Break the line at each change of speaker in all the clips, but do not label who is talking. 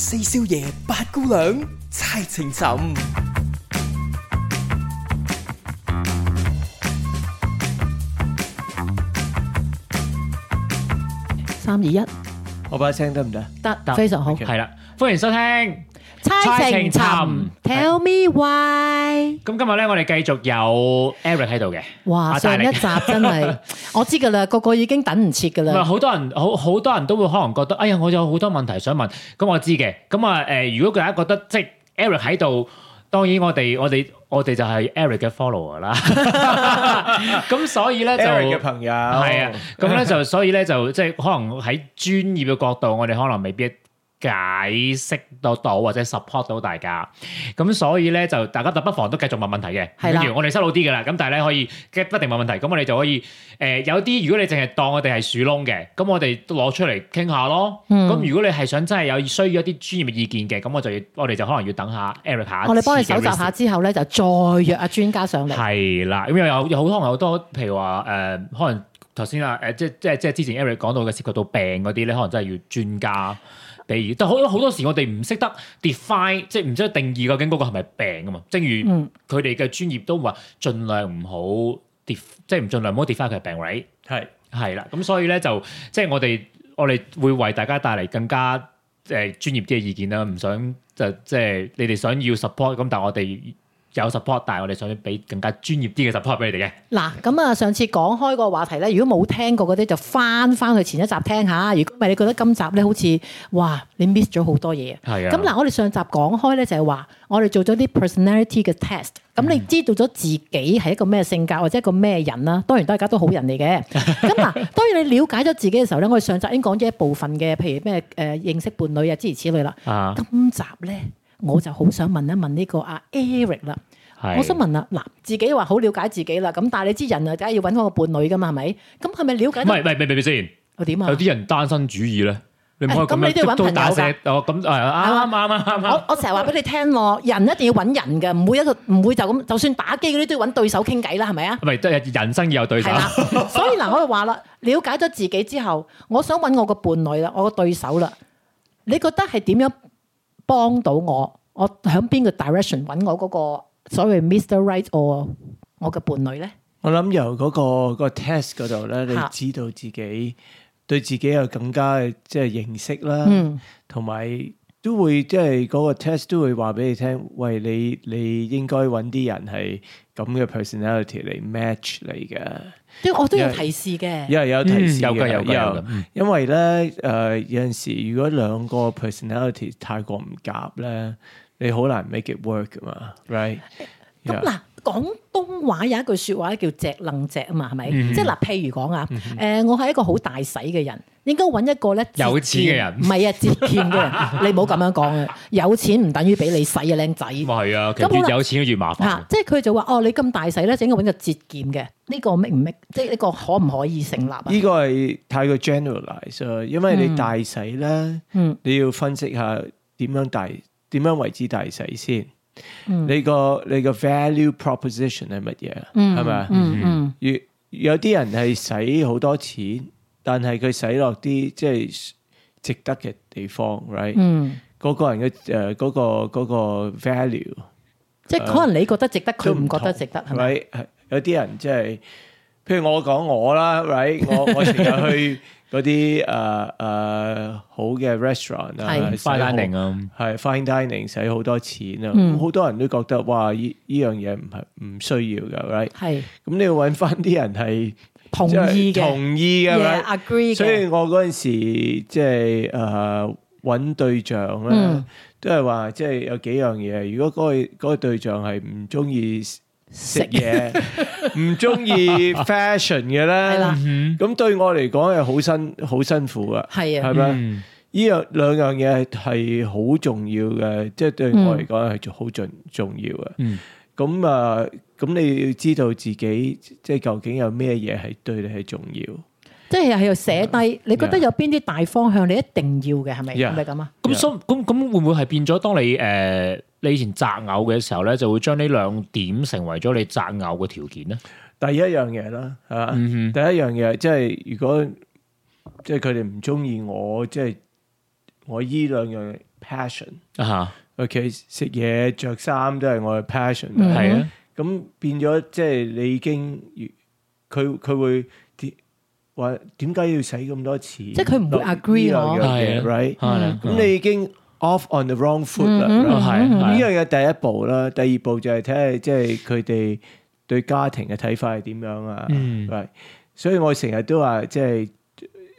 四少爺，八姑娘，猜情尋。三二一，
我把聲得唔得？得，非常好。係啦，歡迎收聽。猜情尋
，Tell me why？
咁今日咧，我哋繼續有 Eric 喺度嘅。
哇，上一集真係，我知噶啦，個個已經等唔切噶啦。咪
好多人，好好多人都會可能覺得，哎呀，我有好多問題想問。咁我知嘅。咁啊，誒，如果大家覺得即係 Eric 喺度，當然我哋我哋我哋就係 Eric 嘅 follower 啦。咁所以咧，Eric 嘅朋友係啊。咁咧就，所以咧就即係可能喺專業嘅角度，我哋可能未必。解釋到到或者 support 到大家，咁所以咧就大家就不妨都繼續問問題嘅。係啦的，我哋收老啲噶啦，咁但係咧可以 keep 不停問問題，咁我哋就可以誒、呃、有啲如果你淨係當我哋係鼠窿嘅，咁我哋都攞出嚟傾下咯。咁、嗯、如果你係想真係有需要一啲專業嘅意見嘅，咁我就要我哋就可能要等下 Eric 下一次。我哋幫你搜集下之後咧，就再約阿專家上嚟。係啦、嗯，咁又、嗯、有有好多好多，譬如話誒、呃，可能頭先啊誒，即即即，即之前 Eric 講到嘅涉及到病嗰啲咧，可能真係要專家。但好多好多時，我哋唔識得 define 即係唔識得定義究竟嗰個係咪病啊嘛。正如佢哋嘅專業都話，盡量唔好 def，即係唔盡量唔好 define 佢嘅病位。係係啦，咁所以咧就即係我哋我哋會為大家帶嚟更加誒、呃、專業啲嘅意見啦。唔想就即係你哋想要 support，咁但係我哋。有 support，但係我哋想俾更加專業啲嘅 support 俾你哋嘅。
嗱，咁啊，上次講開個話題咧，如果冇聽過嗰啲，就翻翻去前一集聽下。如果唔係你覺得今集咧，好似哇，你 miss 咗好多嘢。係是啊，啊。咁嗱，我哋上集講開咧就係話，我哋做咗啲 personality 嘅 test，咁你知道咗自己係一個咩性格或者一個咩人啦。當然都係家都好人嚟嘅。咁嗱、 啊，當然你了解咗自己嘅時候咧，我哋上集已經講咗一部分嘅，譬如咩誒、呃、認識伴侶啊諸如此類啦。啊。今集咧。我就好想問一問呢個阿 Eric 啦，
我想問
啦，嗱，自己話好瞭解自己啦，咁但係你知人啊，梗係要揾我個伴侶噶嘛，係咪？咁係咪瞭解？唔係唔
係唔係，先，我點啊？有啲人單身主義咧，你唔好咁，你都要揾朋友噶。哦，咁係啱啱啱啱啱。我我成日
話俾你聽，人一定要揾人嘅，唔會一個唔會就咁，就算打機嗰啲都要揾對手傾偈啦，係咪啊？
唔係，即係人生要有對手。所以嗱，
我就話啦，瞭解咗自己之後，我想揾我個伴侶啦，我個對手啦，你覺得係點樣？幫到我，我喺邊個 direction 揾我嗰、嗰個所謂 Mr. Right or 我嘅伴侶咧？
我諗由嗰、嗰個嗰個 test 嗰度咧，你知道自己對自己有更加即係、就係、認識啦，同埋、嗯、都會即係嗰個 test 都會話俾你聽，喂，你你應該揾啲人係咁嘅 personality 嚟 match 你嘅。都我都有提示
嘅，因有、yeah, 有提示、
嗯、有嘅有嘅，有有 因為咧，誒、呃，有陣時如果兩個 personality 太過唔夾咧，你好難 make it work 啊嘛，right？
廣東話有一句説話咧，叫隻愣隻啊嘛，係咪？嗯、即係嗱，譬如講啊，誒、嗯呃，我係一個好大使嘅人，應該揾一個咧有錢嘅人，唔係啊，節儉嘅人。 你唔好咁樣講啊，有錢唔等於俾你使啊，靚仔。唔係、哦、啊，其實越有
錢越麻煩。嚇、
嗯，即係佢就話哦，你咁大使咧，應該揾個節儉嘅，呢、這個 make 唔 make？即係呢個可唔可以成立啊？呢
個係太過 generalize 啊，因為你大使啦，嗯、你要分析下點樣大點樣為之大使先。你個你個 value proposition 係乜嘢？係咪？有有啲人係使好多錢，但係佢使落啲即係值得嘅地方，right？嗯，個人嘅誒，嗰、呃嗰個、嗰個 value，即係可能你
覺得值得，佢唔、啊、覺得值得，係咪
？Right? 有啲人即、就、係、係，譬如我講我啦，right？我我成日去。 嗰啲誒誒好嘅 restaurant 啊是紅，fine dining 啊，係 fine dining 使好多錢啊，好、嗯、多人都覺得哇依依樣嘢唔係唔需要噶，係，咁你要揾翻啲人係同意嘅、同意嘅、right? Yeah, agree 所以我嗰陣時即係誒揾對象咧，嗯、都係話即係有幾樣嘢，如果嗰個嗰個對象係唔中意。食嘢唔中意 fashion 嘅咧，咁 的對我嚟講係好辛好辛苦噶，係啊，係咪？呢樣兩樣嘢係好重要嘅，即係對我嚟講係好重重要嘅。咁啊、嗯，咁你要知道自己即係究竟有咩嘢係對你係重要。
即係又喺度寫低，你覺得有邊啲大方向你一定要嘅，係咪？係咪咁啊？咁
所咁咁會唔會係變咗？當你誒，你以前擇偶嘅時候咧，就會將呢兩點成為咗你擇偶嘅條件咧？
第一樣嘢啦，係嘛？第一樣嘢即係如果即係佢哋唔中意我，即係我依兩樣嘅 passion 啊？OK，食嘢着衫都係我嘅 passion，係啊。咁變咗即係你已經，佢佢會。話點解要使咁多錢？即係佢唔會 agree 咯，咁你已經 off on the wrong foot 啦。係呢樣嘢第一步啦，第二步就係睇下即係佢哋對家庭嘅睇法係點樣啊。係、嗯，Right? 所以我成日都話即係。就是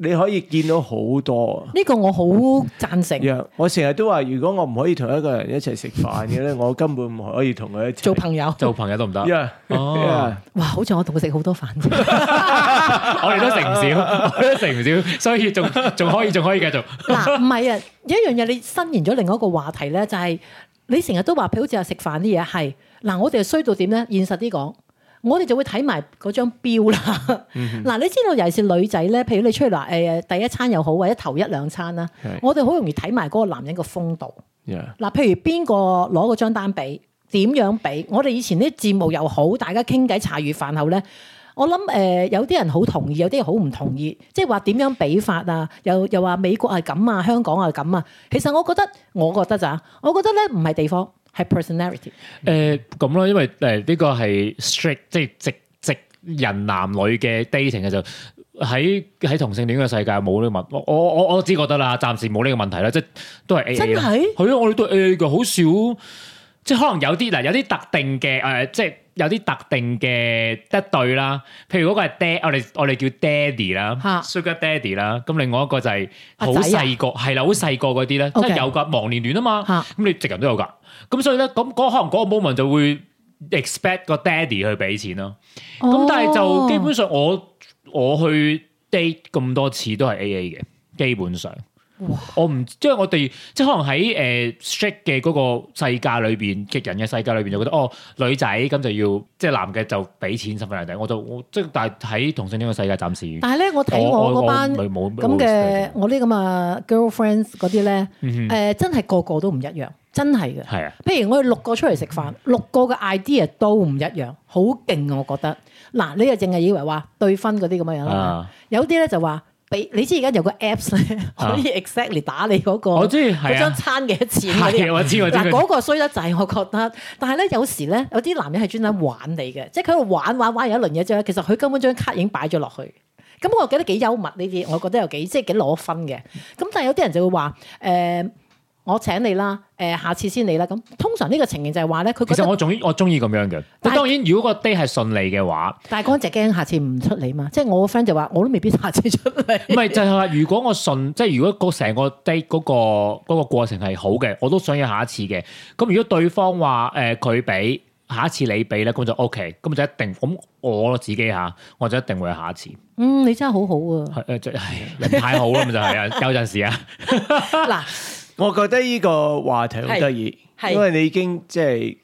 你可以見到好多，
呢個我好贊成。
我成日都話，如果我唔可以同一個人一齊食飯嘅咧，我根本唔可以同佢一齊做朋友。做朋友都唔得。哦，哇！
好似我同佢食好多飯，
我哋都食唔少，我都食唔少，所以仲仲可以，仲可以繼續。
嗱，唔係啊，有一樣嘢你伸延咗另外一個話題咧，就係你成日都話譬如好似話食飯啲嘢係嗱，我哋衰到點咧？現實啲講。我哋就會睇埋嗰張表啦、嗯哼。嗱，你知道尤其是女仔咧，譬如你出去嗱誒第一餐又好，或者頭一兩餐啦，的我哋好容易睇埋嗰個男人嘅風度。
嗱
，Yeah. 譬如邊個攞嗰張單俾，點樣俾？我哋以前啲節目又好，大家傾偈茶餘飯後咧，我諗誒、呃、有啲人好同意，有啲人好唔同意，即係話點樣比法啊？又又話美國係咁啊，香港啊咁啊。其實我覺得，我覺得咋？我覺得咧唔係地方。係 personality，
誒咁啦，因為誒呢個係 strict，即係直直人男女嘅 dating 嘅就喺喺同性戀嘅世界冇呢個問，我我我我自己覺得啦，暫時冇呢個問題啦，即係都係 A，真係，係咯，我哋都 A 嘅，好少，即係可能有啲嗱，有啲特定嘅誒，即係有啲特定嘅一對啦，譬如嗰個係爹，我哋我哋叫爹哋啦，Sugar Daddy 啦，咁另外一個就係好細個，係啦，好細個嗰啲咧，即係有噶，忘年戀啊嘛，咁你直人都有噶。咁所以咧，咁可能嗰個 moment 就會 expect 個 daddy 去俾錢咯。咁、哦、但係就基本上我我去 date 咁多次都係 AA 嘅，基本上，哇 我唔即係我哋即係可能喺誒 straight 嘅嗰個世界裏邊，嘅人嘅世界裏邊就覺得哦女仔咁就要即係、就是、男嘅就俾錢十分離地，我就即係、就是、但係喺同性戀嘅世界暫時。但係咧，我睇我嗰那班咁嘅
我呢咁啊 girlfriends 嗰啲咧，誒真係個個都唔一樣。真係嘅、啊，譬如我哋六個出嚟食飯，六個嘅 idea 都唔一樣，好勁啊！我覺得嗱，你又淨係以為話對分嗰啲咁嘅樣，啊、有啲咧就話俾你知而家有個 apps 咧、啊、可以 exactly 打你嗰、那個，我知，意係啊，佢想攤幾多錢嗰啲，嗰、那個衰得滯，我覺得。但係咧有時咧有啲男人係專登玩你嘅，即係佢喺度玩玩玩有一輪嘢之後，其實佢根本張卡已經擺咗落去。咁我覺得幾幽默呢啲，我覺得又幾 即係幾攞分嘅。咁但係有啲人就會話誒。呃呃我請你啦，誒、呃，下次先你啦。咁通常呢個情形就係話咧，佢其實我
仲我中意咁樣嘅。但當然，如果個 date 係順利嘅話，
但係嗰陣驚下次唔出嚟嘛。即係我個 friend 就話，我都未必下次出嚟。
唔係就係話，如果我順，即係如果個成個 date 嗰個過程係好嘅，我都想要下一次嘅。咁如果對方話誒佢俾下一次你俾咧，咁就 OK。咁就一定咁我自己嚇，我就一定會下一
次。
嗯，你真係好好啊，誒，真
太好啦，咁 就係啊，有陣時啊，
嗱。
我覺得呢個話題好得意，因為你已經即係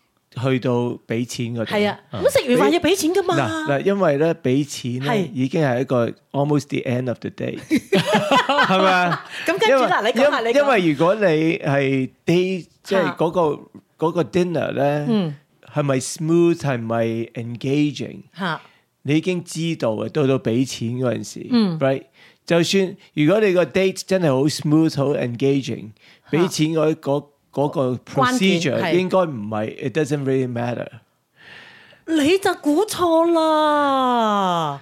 去到俾錢嗰度。係啊，咁食完飯要俾
錢噶嘛？嗱，
因為咧俾錢咧已經係一個 almost the end of the day，係咪啊？
咁跟住嗱，你講埋
你，因為如果你係 day，即係嗰個嗰個 dinner 咧，係咪 smooth？係咪 engaging？嚇，你已經知道啊，到到俾錢嗰陣時，嗯，right。就算如果你個 date 真係好 smooth 好 engaging，俾錢嗰、嗰個嗰個 procedure 應該唔係，it doesn't really matter。
你就估錯啦！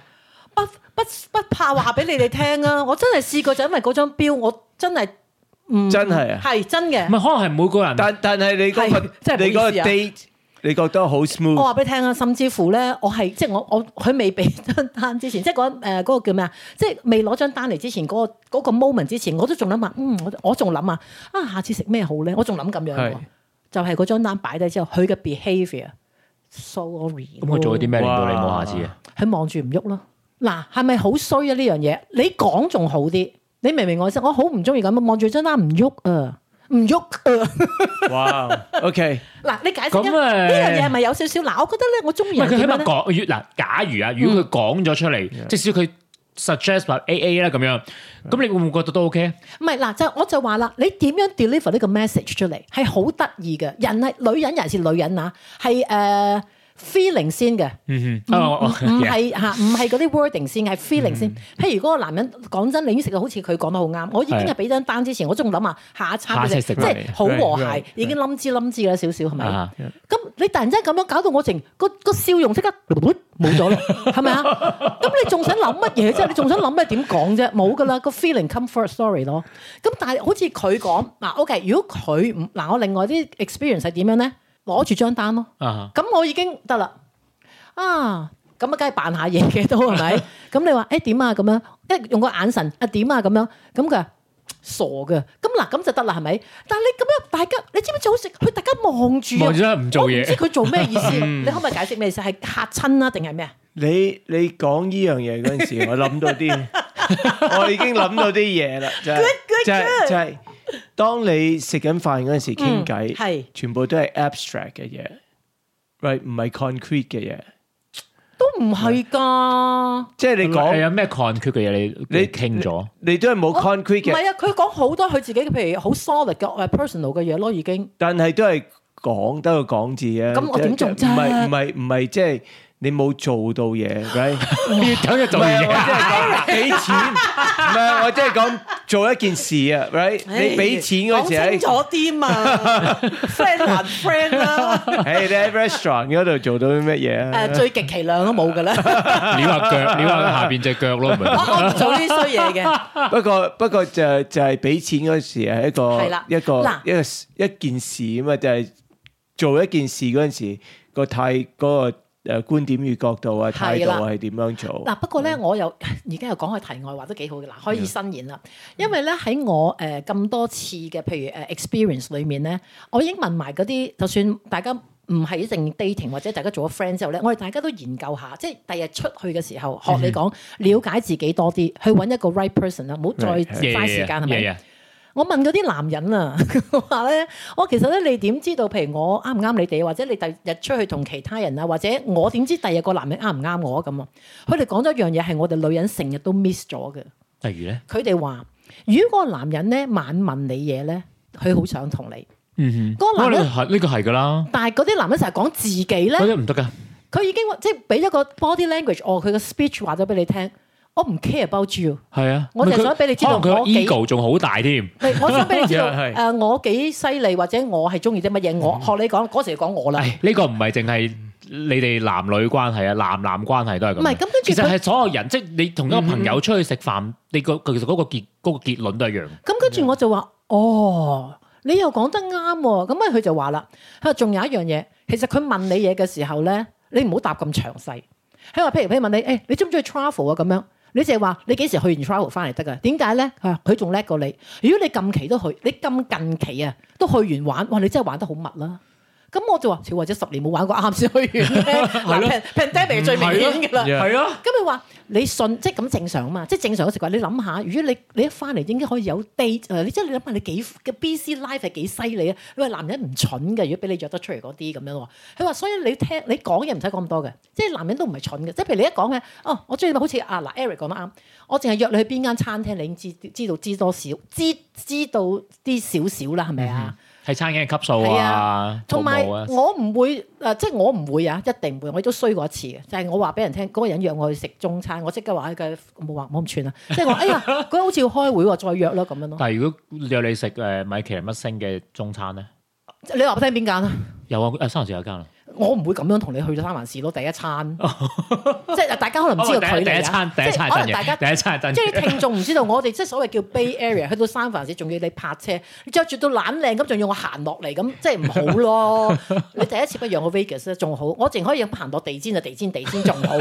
不不不怕話俾你哋聽啊 我！我真係試過，就因為嗰張表，我真係，
真係、那個、啊，係真嘅。唔係可能係每個人，但但係你嗰個，即係你嗰個 date。你覺得好 smooth？我話
俾你聽啊，甚至乎咧，我係即係我我佢未俾張單之前，即係嗰誒個叫咩啊？即係未攞張單嚟之前，嗰個嗰個 moment 之前，我都仲諗啊，嗯，我我仲諗啊，啊，下次食咩好咧？我仲諗咁樣是就係嗰張單擺低之後，佢嘅 behavior, sorry。咁我做咗啲咩令到你冇哇下次啊？佢望住唔喐咯。嗱，係咪好衰啊？呢樣嘢你講仲好啲，你明唔明我意思，我好唔中意咁望住張單唔喐啊！唔喐啊！哇
，OK。嗱，你解釋呢樣嘢，
係咪
有少少？嗱，我覺得咧，我中意。唔係佢起碼講，
如嗱，假如啊，如果佢講咗出嚟，即使佢 suggest 話 AA 啦咁樣，咁你會唔會覺得都 OK？
唔係，嗱，就我就話啦，你點樣 deliver 呢個 message 出嚟，係好得意嘅。人係女人，人是女人啊，係誒。feeling 先嘅，
唔係嚇，
唔係嗰啲 wording 先，係 feeling 先。譬、mm hmm. hey, 如嗰個男人，講真，你已經食到好似佢講得好啱。 我已經係俾張單之前，我仲諗下下一餐，食。即係好和諧，right, right, right, 已經冧之冧之啦，少少係咪？咁 Yeah, yeah. 你突然之間咁樣搞到我成個個笑容即刻冇咗啦，係咪啊？咁 你仲想諗乜嘢啫？你仲想諗咩點講啫？冇噶啦，個 feeling come first 咯。咁但係好似佢講嗱，OK，如果佢唔嗱，另我另外啲 experience 係點樣咧？攞住張單咯，咁我已經得啦。啊，咁啊，梗係扮下嘢嘅都係咪？咁你話誒點啊？咁樣即係用個眼神啊點啊？咁樣咁佢話傻嘅。咁嗱咁就得啦係咪？但係你咁樣大家，你知唔知好食？佢大家望住，望住唔
做嘢，我唔知佢做咩意思。你可唔可
以解釋咩意思？係嚇親啊定係咩？
你你講呢樣嘢嗰陣時，我諗到啲，我已經諗到啲嘢啦。Good good good。當你食緊飯嗰陣時傾偈，係、嗯、全部都係 abstract 嘅嘢 right 唔係 concrete 嘅嘢，right？
都唔係噶。即
係、嗯、你講說有咩 concrete 嘅嘢，你你傾咗你，你都係冇 concrete 嘅。唔係啊，
佢講好多佢自己，譬如好 solid 嘅 personal 嘅嘢咯，已經。
但係都係講得個講字啊。咁、嗯、我點做啫？唔係唔係唔係即係。你冇做到嘢，right？你等佢做完嘢，唔係我即係講俾錢，唔係我即係講做一件事啊，right？你俾錢嗰時，講清楚啲嘛，friend 還 friend 啦。喺啲 restaurant 嗰度做到啲乜嘢啊？誒，最極其量都冇噶啦。你話腳，你話下邊隻腳咯，唔係？我唔做呢衰嘢嘅。不過不過就就係俾錢嗰時係一個係啦，一個嗱一個一件事啊嘛，就係做一件事嗰陣時個太嗰個。誒，觀點與角度啊，態度係點樣做？嗱、
啊，不過咧，我又而家又講開題外話，都幾好嘅。嗱，可以伸延啦，的因為咧喺我誒咁、呃、多次嘅，譬如誒、呃、experience 裏面咧，我已經問埋嗰啲，就算大家唔係一定 dating 或者大家做咗 friend 之後咧，我哋大家都研究下，即係第日出去嘅時候，學你講的了解自己多啲，去揾一個 right person 啦，唔好再嘥時間係咪？我問嗰啲男人啊，我話咧，我其實咧，你點知道？譬如我啱唔啱你哋，或者你第日出去同其他人啊，或者我點知第二個男人啱唔啱我咁啊？佢哋講咗一樣嘢，係我哋女人成日都 miss 咗嘅。
例如咧，佢
哋話：如果個男人咧猛問你嘢咧，佢好想同你。
嗯嗯哼。嗰個男人係呢、啊呢個係噶啦。呢個、
但係嗰啲男人成日講自己咧。嗰啲唔得㗎。佢已經即係俾一個 body language，哦，佢嘅 speech 話咗俾你聽。我唔 care about you。
係啊，我就想俾你知道佢 ego 仲好大添。
係，我想俾你知道，誒，我幾犀利，或者我係中意啲乜嘢，我學你講嗰時講我啦。
呢個唔係淨係你哋男女關係啊，男男關係都係咁。唔係，咁跟住其實係所有人，即係你同一個朋友出去食飯，你個其實嗰個結嗰個結論都係一樣。
咁跟住我就話，哦，你又講得啱喎，咁啊，佢就話啦，佢話仲有一樣嘢，其實佢問你嘢嘅時候咧，你唔好答咁詳細。喺話，譬如譬如問你，誒，你中唔中意 travel 啊？咁樣。你淨係話你幾時去完 travel 翻嚟得㗎？點解咧？佢仲叻過你。如果你近期都去，你咁近期啊都去完玩，哇，你真係玩得好密啦，啊。咁我就話，潮或者十年冇玩過啱先可以完咧。平平地咪最明顯㗎啦，係啊對了！咁佢話你信即係咁正常啊嘛，即係正常嘅食慣。你諗下，如果你你一翻嚟應該可以有 date 即你即係你諗下你幾嘅 BC life 係幾犀利啊？你話男人唔蠢嘅，如果俾你約得出嚟嗰啲咁樣喎。佢話所以你聽你講嘢唔使講咁多嘅，即係男人都唔係蠢嘅，即係譬如你一講嘅，哦，我中意好似啊嗱、呃、，Eric 講得啱，我淨係約你去邊間餐廳，你知知道知多少，知知道啲少少啦，係咪啊？
係餐廳級數啊，同埋、啊啊、我
唔會，嗱即係我唔會啊，一定唔會。我都衰過一次嘅，就係、是、我話俾人聽，嗰、那個人約我去食中餐，我即刻話，嘅冇話冇咁串啊！即係話，哎呀，佢好似要開會喎，再約啦咁樣咯，啊。但
係如果約你食誒米其林一星嘅中餐
咧，你話俾聽邊間啊？
有啊，誒上次有間啊。
我唔會咁樣同你去咗三藩市咯，第一餐，即係大家可能唔知道距離，第一餐，第可能大家第一餐即係聽眾唔知道，我哋即係所謂叫 Bay Area，去到三藩市仲要你泊車，你着住到懶靚咁，仲要我行落嚟咁，即係唔好咯。你第一次一樣去 Vegas 仲好，我淨可以行落地氈就地氈地氈仲好，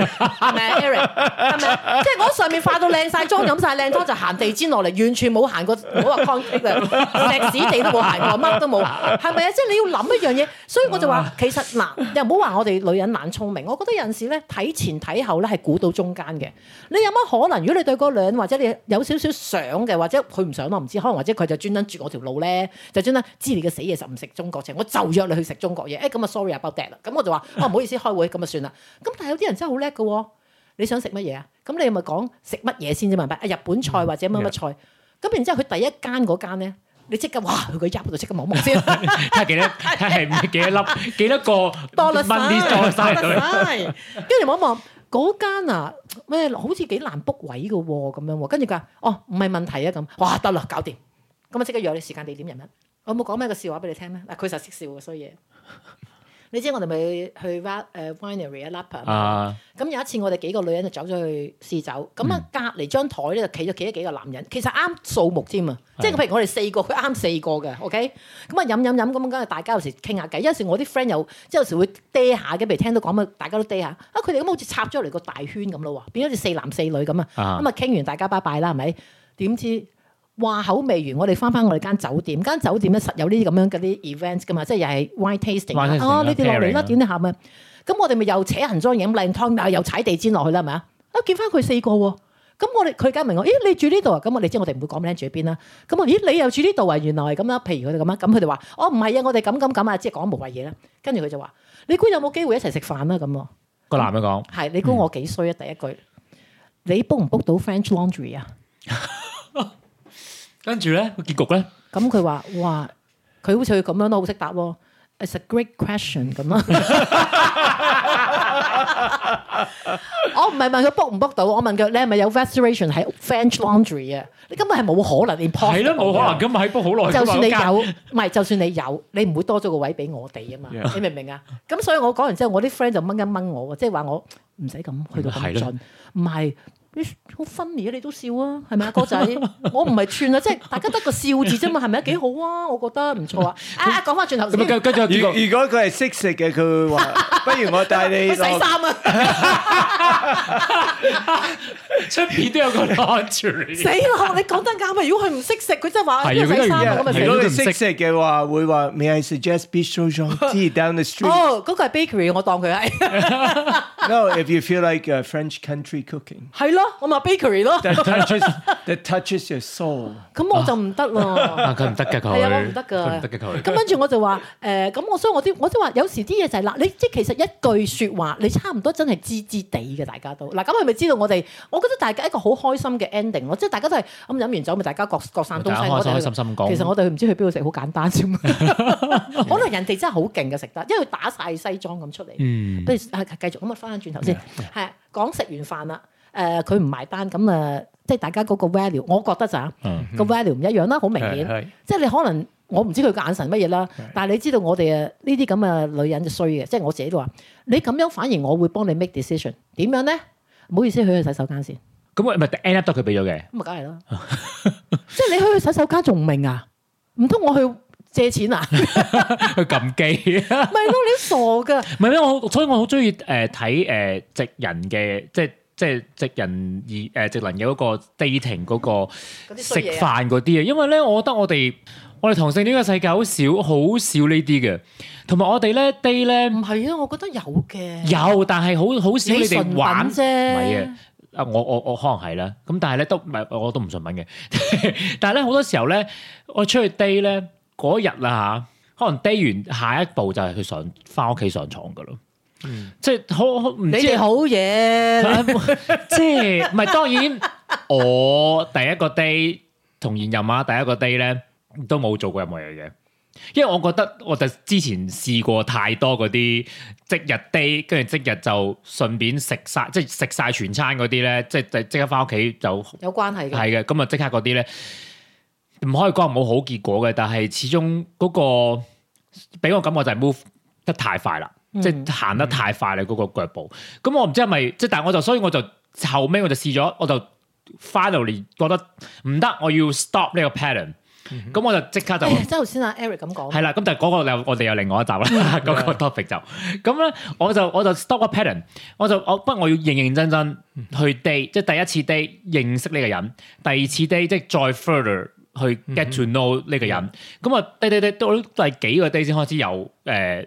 係咪？Eric，
係
咪？
即係我上面化到靚晒妝，飲晒靚湯，就行地氈落嚟，完全冇行過，冇話 concrete 石屎地都冇行過，乜都冇，係咪啊？即係你要諗一樣嘢，所以我就話其實嗱。又唔好話我哋女人懶聰明，我覺得有陣時咧睇前睇後咧係估到中間嘅。你有乜可能？如果你對嗰個女人或者你有少少想嘅，或者佢唔想咯，唔知可能或者佢就專登絕我條路咧，就專登知你嘅死嘢食唔食中國菜，我就約你去食中國嘢。誒咁啊，sorry 啊、嗯，about that 啦。咁我就話啊唔好意思，開會咁就算啦。咁但係有啲人真係好叻嘅喎。你想食乜嘢啊？咁你咪講食乜嘢先先問日本菜或者乜乜菜？咁、嗯嗯嗯、然之後佢第一間嗰間咧。你即刻哇，佢個 App 喺度即刻望望先，
睇下幾多，睇係幾多粒，幾多個多粒蚊啲多曬，
跟住望一望嗰間啊，咩好似幾難 book 位嘅咁樣喎，跟住佢話哦，唔係問題啊咁，哇得啦搞掂，咁啊即刻約你時間地點人物，我冇講咩個笑話俾你聽咩？嗱，佢就識笑嘅衰嘢。你知我哋咪去去 w 誒 winery 啊 lapper 啊，咁有一次我哋幾個女人就走咗去試酒，咁啊隔離張台咧就企咗企咗幾個男人，其實啱數目添啊，即係是的 譬如我哋四個，佢啱四個嘅，OK，咁啊飲飲飲，咁梗係大家有時傾下偈，有時我啲 friend 又即係有時會嗲下，咁譬如聽到講乜，大家都嗲下，啊佢哋咁好似插咗嚟個大圈咁咯喎，變咗似四男四女咁啊，咁啊傾完大家拜拜啦，係咪？點知？話口未完，我哋翻翻我哋間酒店，間酒店咧實有呢啲咁樣嗰啲 events 噶嘛，即係又係 wine tasting, wine tasting 哦，你哋落嚟啦，點啲喊啊？咁 D aring、嗯、我哋咪又扯人裝影 lounge 又踩地氈落去啦，係咪啊？啊見翻佢四個喎、啊，咁我哋佢而家問我：咦，你住呢度啊？咁我哋知我哋唔會講咩住喺邊啦。咁啊，咦，你又住呢度？啊？原來係咁啦。譬如佢哋咁啊，咁佢哋話：哦，唔係啊，我哋咁咁咁啊，即係講無謂嘢啦。跟住佢就話：你估有冇機會一齊食飯啊？咁啊，
個男人講
係、嗯、你估我幾衰啊？第一句，你 book 唔 book 到 French laundry 啊？
跟住咧，個結局咧，
咁佢話：哇，佢好似佢咁樣都好識答喎。It's a great question
咁咯。
我唔係問佢 book 唔 book 到，我問佢你係咪有 reservation 喺 French Laundry 啊？你根本係冇可能 impossible 係咯，冇可能。根本係 book 好耐。就算你有，唔係就算你有，你唔會多咗個位俾我哋啊嘛？Yeah. 你明唔明啊？咁所以我講完之後，我啲 friend 就掹一掹我，即係話我唔使咁去到咁盡，唔係。好 funny，你都笑啊，係咪啊哥仔？我唔係串啊，即係大家得個笑字啫嘛，係咪啊，幾好啊？我覺得唔錯啊！啊，講翻轉頭，如
果如果佢係識食嘅，佢會話：不如我帶你去洗衫啊！出面都有個 laundry。死啦！
你講得啱啊！如果佢唔識食，佢真係話要洗衫啊！如果佢識
食嘅話，會話 May I suggest Bistro down the street。
哦，嗰個係 bakery，我當佢係。
No，if you feel like French country cooking，
係咯。我咪 bakery 咯
，that touches your soul。
咁我就唔得咯，唔得嘅佢，係啊，唔得噶，唔得嘅佢。咁跟住我就話誒，咁我所以我啲我都話有時啲嘢就係嗱，你即係其實一句說話，你差唔多真係知知地嘅，大家都嗱。咁佢咪知道我哋？我覺得大家一個好開心嘅 ending 咯，即係大家都係咁飲完酒咪大家各各散東西。開心心講，其實我哋唔知去邊度食，好簡單啫嘛，可能人哋真係好勁嘅食得，因為打晒西裝咁出嚟。不如啊，繼續咁啊，翻翻轉頭先，係講食完飯啦。誒，佢唔埋單咁啊，即係大家嗰個 value，我覺得咋，個 value 唔一樣啦，好明顯。即係你可能我唔知佢個眼神乜嘢啦，但係你知道我哋啊呢啲咁嘅女人就衰嘅，即係我自己都話，你咁樣反而我會幫你 make decision，點樣咧？唔好意思，去去洗手間先。
咁啊，咪 end up 都佢俾咗嘅，咁啊，梗係咯。
即係你可以去洗手間仲唔明啊？唔通我去借錢啊？
去撳機？咪
咯，你傻噶？
唔係咩？我所以我好中意誒睇誒直人嘅即係。即係直人而誒直能嘅嗰個 dating 嗰，嗯、個食飯嗰啲啊，因為咧，我覺得我哋我哋同性戀嘅世界好少好少呢啲嘅，同埋我哋咧 date 咧，唔係啊，我覺得有嘅，有但係好好少你哋玩啫，唔係啊，啊我我我，我可能係啦，咁但係咧都唔係我都唔純品嘅， 但係咧好多時候咧，我出去 date 咧嗰日啦嚇，可能 date 完下一步就係去上翻屋企上床噶囉。嗯、即係是好，好你哋好嘢。即係唔係當然，我第一個 day 同現任啊，第一個 day 咧都冇做過任何嘢嘅，因為我覺得我就之前試過太多嗰啲即日 day，跟住即日就順便食晒，即係食晒全餐嗰啲咧，即係即刻翻屋企就有關係嘅，係嘅。咁啊，即刻嗰啲咧唔可以講冇好結果嘅，但係始終嗰、嗰個俾我感覺就係 move 得太快啦。即係行得太快啦，嗰、嗯、個腳步。咁我唔知係咪即係，但係我就所以我就後尾我就試咗，我就 finally 覺得唔得，我要 stop 呢個 pattern、嗯哼。咁我就即刻就即係頭
先阿 Eric 咁
講。係啦，咁但係嗰個我哋有，有另外一集啦，嗰 個 topic 的就咁咧，我就我就 stop 個 pattern 我。我就我不我要認認真真去 date 即係第一次 date 認識呢個人，第二次 date 即係再 further 去 get to know 呢個人。咁啊，date date date 到第幾個 date 先開始有誒？呃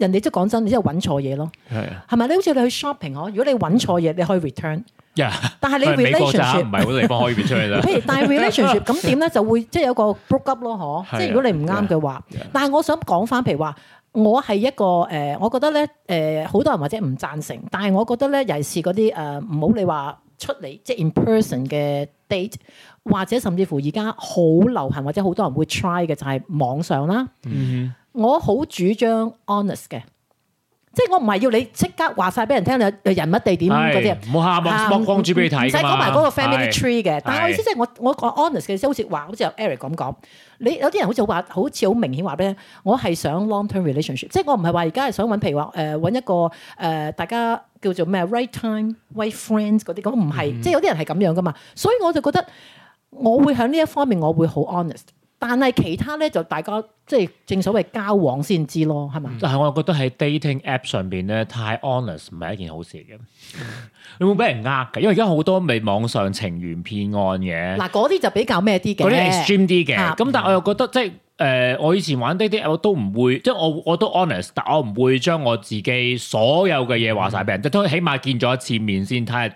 人哋即係講真，你真係揾錯嘢咯，係咪 Yeah.？你好似你去 shopping 呵，如果你揾錯嘢，你可以 return。Yeah.
但係你 relationship 唔係好多地方可以變出去啦。譬如，但係 relationship 咁點咧，
就會即係、就是、有一個 break up 咯，嗬，即係如果你唔啱嘅話。Yeah. Yeah. 但係我想講翻，譬如話，我係一個誒、呃，我覺得咧誒，好、呃、多人或者唔贊成，但係我覺得咧，尤其是嗰啲誒，唔好你話出嚟即係 in person 嘅 date，或者甚至乎而家好流行或者好多人會 try 嘅就係、是、網上啦。嗯、
mm。Hmm.
我好主張 honest 嘅，即係我唔係要你即刻話晒俾人聽你人物地點嗰啲，唔好下網網光住俾你睇，唔使講埋嗰個 family tree 嘅。是但係我意思即係是我我講 honest 嘅時候好似話好似阿 Eric 咁講，你有啲人好似話，好似好明顯話俾你聽，我係想 long term relationship，即係我唔係話而家係想搵，譬如話誒搵一個誒、呃、大家叫做咩 right time right friends 嗰啲，咁唔係，嗯、即係有啲人係咁樣噶嘛，所以我就覺得我會喺呢一方面我會好 honest。但係其他咧就大家即係正所謂交往先知咯，係嘛？嗯、但係
我覺得喺 dating app 上邊咧太 honest 唔係一件好事嘅， 你會俾人呃嘅。因為而家好多未網上情緣騙案嘅。嗱
嗰啲就比較咩啲嘅，嗰啲 extreme
啲嘅。咁、啊嗯、但係我又覺得即係誒、呃，我以前玩 dating app 都唔會，即係我我都 honest，但我唔會將我自己所有嘅嘢話晒俾人，即係都起碼見咗一次面先睇。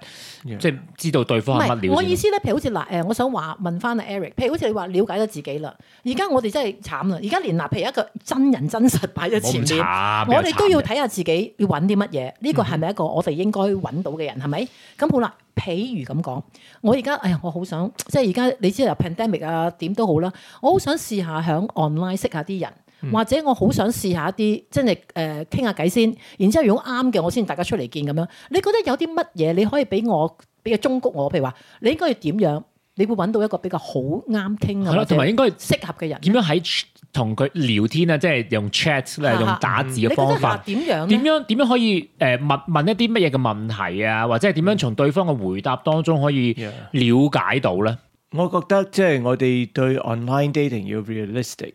即係知道對方係乜？我意思
咧，譬如好似嗱，誒，我想話問翻阿 Eric，譬如好似你話了解咗自己啦，而家我哋真係慘啦！而家連嗱，譬如一個真人真實擺喺前面，我哋都要睇下自己要揾啲乜嘢？呢個係咪一個我哋應該揾到嘅人係咪？咁、嗯、好啦，譬如咁講，我而家哎呀，我好想即係而家你知道，pandemic 啊點都好啦，我好想試下響 online 識下啲人。或者我好想試下一啲真係誒傾下偈先，然之後如果啱嘅，我先大家出嚟見咁樣。你覺得有啲乜嘢你可以俾我俾個忠告我？譬如話，你應該要點樣？你會揾到一個比較好啱傾咁樣。係咯，同埋應該
適合嘅人點樣喺同佢聊天啊？即係用 chat 咧哈，用打字嘅方法。點、嗯、樣，樣？點樣？點樣可以誒問、呃、問一啲乜嘢嘅問題啊？或者係點樣從對方嘅回答當中可以了解
到咧？Yeah. 我覺得即係、就是、我哋對 online dating 要 realistic。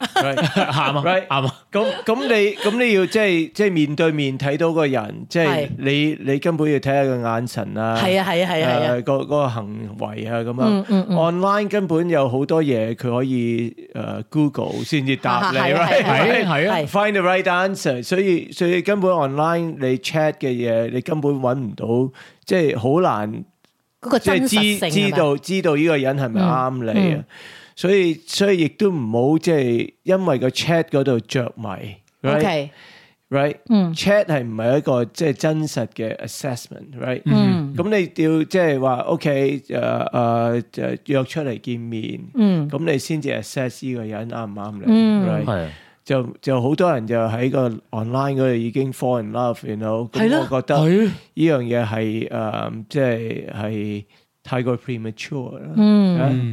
啱啊，啱啊，咁咁你咁你要即係即係面對面睇到個人，即係你你根本要睇下個眼神啊，係啊係啊係啊，個個行為啊咁啊，online 根本有好多嘢佢可以誒 Google 先至答你，係啊係啊，find the right answer，所以所以根本 online 你 chat 嘅嘢你根本揾唔到，即係好難嗰個即係知知道知道呢個人係咪啱你啊？所以所以亦都唔好即係因為個 chat 嗰度着迷，right，right，嗯，chat 係唔係一個即係真實嘅 assessment，right，嗯，咁你要即係話，ok，誒誒就約出嚟見面，嗯，咁你先至 assess 呢個人啱唔啱你，right，就就好多人就喺個 online 嗰度已經 fall in love，you know，咁我覺得呢樣嘢係誒即係係太過 premature 啦，嗯。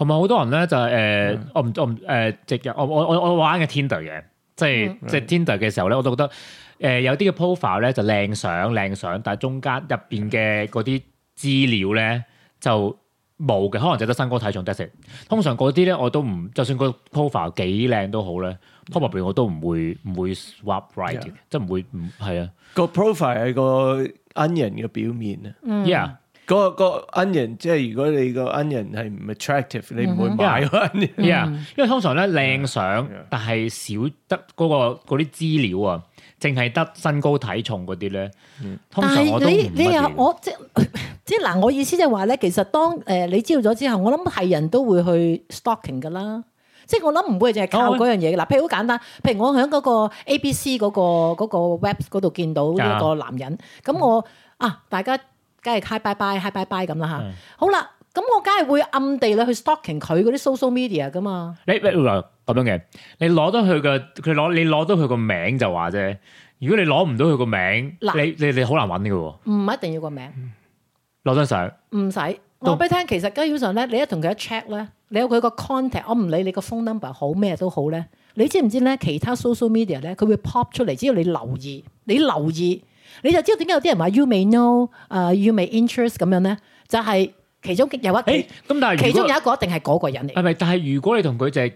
同埋好多人咧就係、是、誒、呃嗯，我唔我唔誒，即係我我我我玩嘅 Tinder 嘅，即係即係 Tinder 嘅時候咧，我都覺得誒、呃、有啲嘅 profile 咧就靚相靚相，但係中間入邊嘅嗰啲資料咧就冇嘅，可能就得身高體重得食。通常嗰啲咧我都唔，就算個 profile 幾
靚都好咧、嗯嗯、profile 我都唔會唔會 swap right，即係唔會唔係啊。個 profile 係個恩人嘅表面啊、mm.，yeah 嗰個個恩人，即係如果你個恩人係唔 attractive，你唔會買。 yeah, 因為通常咧靚
相，但係少得嗰、嗰個嗰啲資料啊，淨係得身高體重嗰啲咧。嗯、通常我都你啊，
我即即嗱，我意思即係話咧，其實當誒、呃、你知道咗之後，我諗係人都會去 stalking 噶啦。即係我諗唔會淨係靠嗰樣嘢。嗱、哦，譬如好簡單，譬如我喺嗰個 A、嗰個、嗰個、B、C 嗰個嗰個 web 嗰度見到呢個男人，咁、啊、我啊大家。梗係 hi bye bye hi bye bye 咁啦吓，嗯、好啦，咁我梗係會暗地裏去 stocking 佢嗰啲 social media 噶嘛？
你你原來咁樣嘅，你攞到佢嘅佢攞你攞到佢個名就話啫。如果你攞唔到佢個名喇你，你你你好難搵嘅喎。
唔一定要個名，
攞張相。
唔使。用都 我俾你聽，其實基本上咧，你一同佢一 check 咧，你有佢個 contact，我唔理你個 phone number 好咩都好咧。你知唔知咧？其他 social media 咧，佢會 pop 出嚟，只要你留意，你留意。你就知道點解有啲人話 you may know，誒，you may interest 咁樣咧，就係其中有一，誒，
咁但係其中有一個
一定係個人嚟。
係咪？但係如果你同佢淨係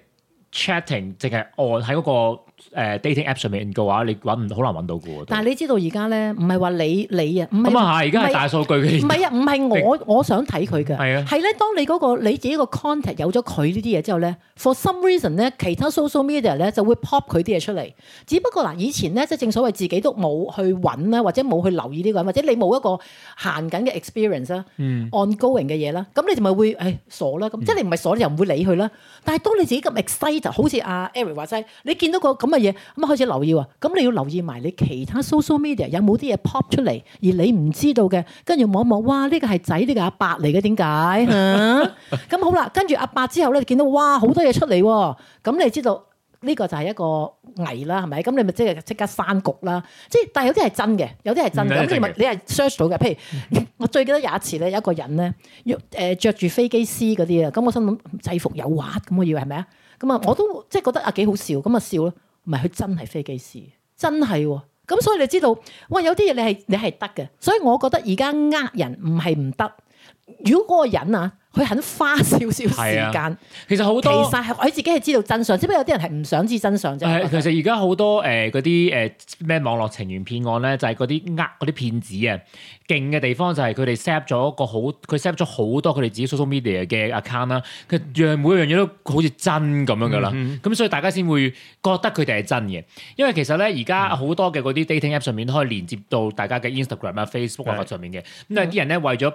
chatting，淨係按喺嗰個。誒、uh, dating app 上面嘅話，你揾唔好難揾到嘅喎。
但係你知道而家咧，唔係話你你啊，唔係。咁啊係，而家係大數據嘅。唔係啊，唔係我我想睇佢嘅。係啊。係咧，當你嗰個你自己個 contact 有咗佢呢啲嘢之後咧，for some reason 咧，其他 social media 咧就會 pop 佢啲嘢出嚟。只不過嗱，以前咧即係正所謂自己都冇去揾啦，或者冇去留意呢個人，或者你冇一個行緊嘅 experience 啦、嗯、ongoing 嘅嘢啦，咁你就咪會誒傻啦。咁即係你唔係傻，你又唔會理佢啦。但係當你自己咁 excite，就好似阿 Eric 話齋，你見到個咁嘅嘢，咁開始留意啊，咁你要留意埋你其他 social media 有冇啲嘢 pop 出嚟，而你唔知道嘅，跟住望一望，哇！呢個係仔，呢個阿伯嚟嘅，點解？咁、啊、 好啦，跟住阿伯之後咧，見到哇好多嘢出嚟喎，咁你知道。呢個就係一個危啦，係咪？咁你咪即係即刻刪局啦。即係但係有啲係真嘅，有啲係真嘅咁、嗯、你咪你係 search 到嘅。譬如、嗯、我最記得有一次咧，有一個人咧誒著住飛機師嗰啲啊，咁我心諗制服誘惑咁，我以為係咪啊？咁啊，是是我都即係、就是、覺得啊幾好笑咁啊笑咯。唔係佢真係飛機師，真係咁、哦，所以你知道喂，有啲嘢你係你係得嘅，所以我覺得而家呃人唔係唔得。如果嗰個人啊，佢肯花少少時間，其實好多，其實係佢自己係知道真相，只不過有啲人係唔想知真相啫。係的，其實
而家好多誒嗰啲誒咩網絡情緣騙案咧，就係嗰啲呃嗰啲騙子啊，勁嘅地方就係佢哋 set 咗個好，佢 set 咗好多佢哋自己 social media 嘅 account 啦，佢樣每樣嘢都好似真咁樣噶啦，咁、嗯、哼所以大家先會覺得佢哋係真嘅，因為其實咧而家好多嘅嗰啲 dating app 上面都可以連接到大家嘅 Instagram 啊、Facebook 啊上面嘅，咁但啲人咧為咗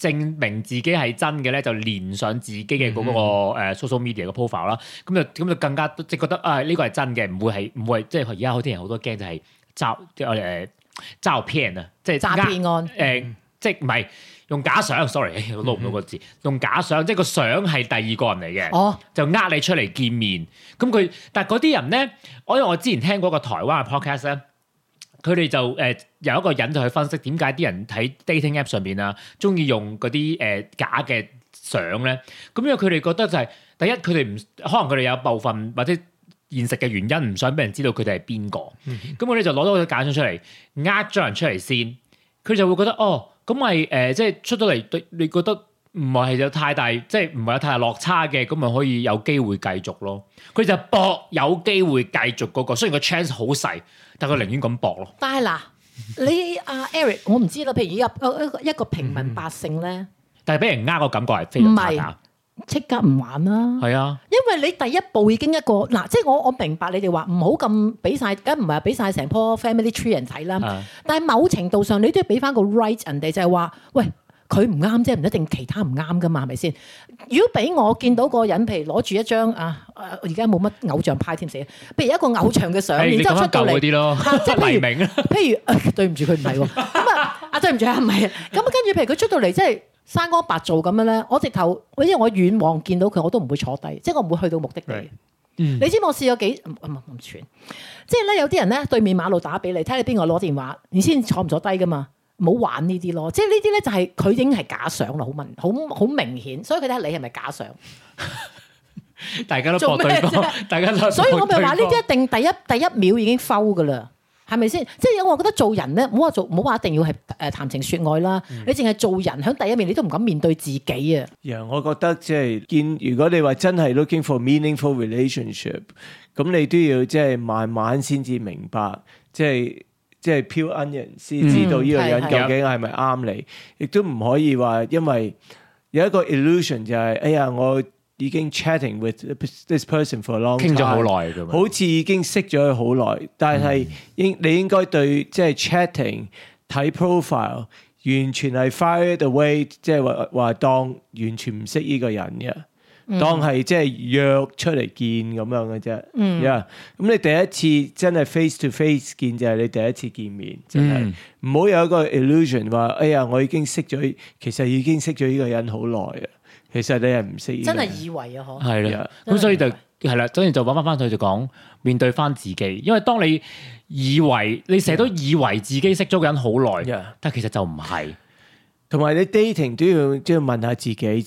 證明自己係真嘅咧，就連上自己嘅嗰個 social media 嘅 profile 啦，咁就咁就更加即係覺得啊呢、呃呢個係真嘅，唔會係唔會係即係而家好啲人好多驚就係詐即係誒詐騙啊、呃，即係誒誒即係唔係用假相？sorry，我 load 唔到個字，用假相，即係個相係第二個人嚟嘅。哦，就呃你出嚟見面，咁佢但係嗰啲人咧，我我之前聽過一個台灣嘅 podcaster 佢哋就誒有、呃、一個人就去分析點解啲人睇 dating app 上邊啊，中意用嗰啲誒假嘅相咧？咁因為佢哋覺得就係、是、第一，佢哋唔可能佢哋有部分或者現實嘅原因唔想俾人知道佢哋係邊個。咁我哋就攞多啲假相出嚟，呃咗人出嚟先。佢就會覺得哦，咁咪誒即係出到嚟，對你覺得。唔係有太大，即係唔係有太大落差嘅，咁咪可以有機會繼續咯。佢就搏有機會繼續嗰、那個，雖然個 chance 好細，但佢寧願咁搏咯。
但係嗱，你阿、啊、Eric，我唔知啦。譬如一個一個一個平民百姓咧、嗯，
但係俾人呃嘅感覺係非常之差，即刻唔玩啦。係啊，
因為你第一步已經一個嗱，即係我我明白你哋話唔好咁俾晒，梗唔係話俾晒成棵 family tree 人睇啦。啊、但係某程度上，你都要俾翻個 right 人哋，就係話喂。佢唔啱啫，唔一定其他唔啱噶嘛，係咪先？如果俾我見到個人，譬如攞住一張啊，而家冇乜偶像派添，寫譬如一個偶像嘅相，欸、然之後出嚟，啲咯，即係黎明啊譬如，譬 如、哎、對唔住佢唔係喎，咁啊，啊，對唔住啊，唔係，咁跟住譬如佢出到嚟，即係三光白做咁樣咧，我直頭，因為我遠望見到佢，我都唔會坐低，即係我唔會去到目的地。嗯、你知我試過幾唔唔唔全，即係咧有啲人咧對面馬路打俾你，睇你邊個攞電話，你先坐唔坐低噶嘛？唔好玩呢啲咯，即係呢啲咧就係佢已經係假想啦，好明，好好明顯，所以佢睇下你係咪假想？
大家都駁佢，大家都，所以我咪話呢啲一
定第一第一秒已經 foul 噶啦，係咪先？即係我覺得做人咧，唔好話做，唔好話一定要係誒談情說愛啦，你淨係做人，喺第一面你都唔敢面對自己
啊。楊，我覺得即係見，如果你話真係 looking for meaningful relationship，咁你都要即係慢慢先至明白，即係。即係 meet in person 先知道呢、嗯、個人究竟係咪啱你，亦都唔可以話 Yep. 因為有一個 illusion 就係、是，哎呀我已經 chatting with this person for a long time，傾咗好耐，好似已經識咗佢好耐，但係應、嗯、你應該對即係、就是、chatting 睇 profile 完全係 fire the way，即係話話當完全唔識呢個人嘅。當係即係約出嚟見咁樣嘅啫，呀！咁你第一次真係 face to face 見就係、是、你第一次見面，真係唔好有一個 illusion 話，哎呀，我已經識咗，其實已經識咗呢個人好耐啊。其實你係唔識
真係以為啊，嗬
的，係啦。咁所以就係啦，當然就揾翻翻佢
就講面對翻自己，因為當你以為你成日都以為自己識
咗個人好耐，的但其實就唔係，同埋你 dating 都要即係問下自己。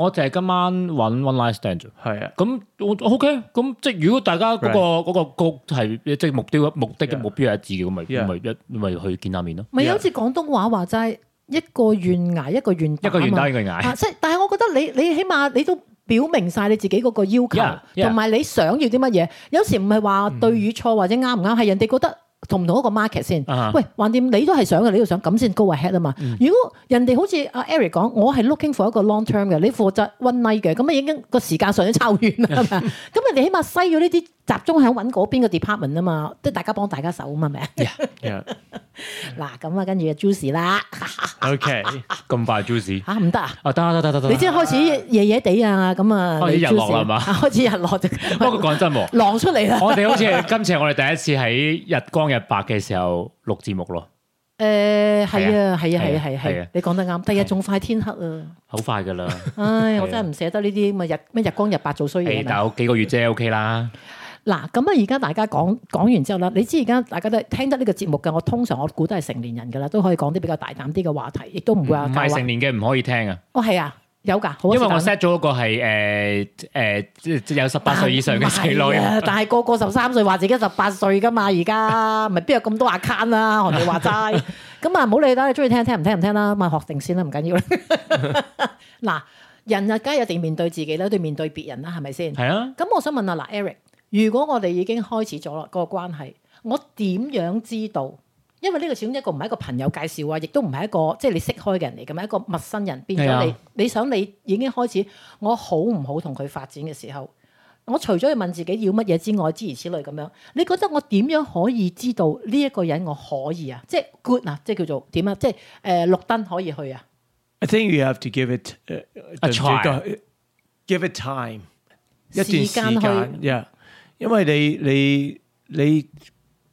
我淨係今晚揾 OneLine Stand 啫，係啊，咁我 OK，咁即係如果大家嗰、嗰個局，對嗰個、嗰個、即係目標目的嘅目標係、嗯、一致嘅咁咪，咪一咪去見下面咯。咪好
似廣東話話齋，一個願捱一個願一個願打一個捱。即係、啊、但係我覺得你你起碼你都表明晒你自己嗰個要求，同埋、嗯、你想要啲乜嘢。有時唔係話對與錯或者啱唔啱，係人哋覺得。同唔同一個 market 先？Uh huh. 喂，橫掂你都係想嘅，你都想咁先 go ahead 啊嘛、uh。Huh. 如果人哋好似阿 Eric 講，我係 looking for 一個 long term 嘅，你負責 one night 嘅，咁啊已經個時間上已經抽完啦，係咪？ 咁人哋起碼篩咗呢啲。集中喺揾嗰邊個 department 啊嘛，即係大家幫大家手啊嘛，咪嗱咁啊，跟住 juice 啦
，OK，咁快 juice 啊，唔得啊，得得得得，你即係開
始夜夜地啊咁啊，開始日落啦係嘛，開始日落，不
過講真，
狼出嚟啦。我哋好似
今次係我哋第一次喺日光日白嘅時候錄節目咯。
誒係啊係啊係啊係啊，你講得啱，第二仲快天黑
啊，好快噶啦。唉，我真
係唔捨得呢啲咁日咩日光日白做衰嘢，但
係幾個月啫，OK 啦。
嗱，咁啊，而家大家講講完之後咧，你知而家大家都係聽得呢個節目嘅，我通常我估都係成年人嘅啦，都可以講啲比較大膽啲嘅話題，亦都唔會
啊。未成年嘅唔可以聽啊。
哦，係啊，有噶。因為我 set
咗一個係誒誒，即係有十八歲以上嘅細路。但
係個個十三歲話自己十八歲噶嘛，而家咪邊有咁多 account 啊？我哋話齋，咁啊唔好理啦，你中意聽聽唔聽唔聽啦，咪學定先啦，唔緊要啦。嗱，人啊，梗係一定要面對自己啦，都要面對別人啦，係咪先？係啊。咁我想問下，嗱，Eric。如果我哋已經開始咗啦，那個關係，我點樣知道？因為呢個小一個唔係一個朋友介紹啊，亦都唔係一個即係你識開嘅人嚟嘅，係一個陌生人變咗你。你想你已經開始，我好唔好同佢發展嘅時候，我除咗要問自己要乜嘢之外，之如此類咁樣，你覺得我點樣可以知道呢一個人我可以啊？即係 good 啊，即係叫做點啊？即係誒綠燈可以去啊
？I think you have to give it、uh, a try, trial. give it time，
時間間去以
因為你你你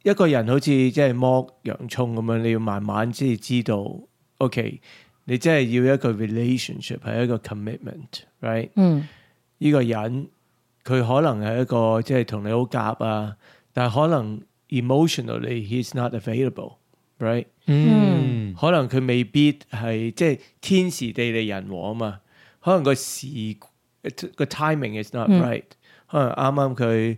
一個人好似即係剝洋蔥咁樣，你要慢慢即係知道。OK，你真係要一個 relationship 係一個 commitment，right？嗯，呢個人佢可能係一個即係同你好夾啊，但係可能 emotionally he's not available，right？嗯，可能佢未必係即係天時地利人和啊嘛，可能個時個 timing is not right，嗯，可能啱啱佢。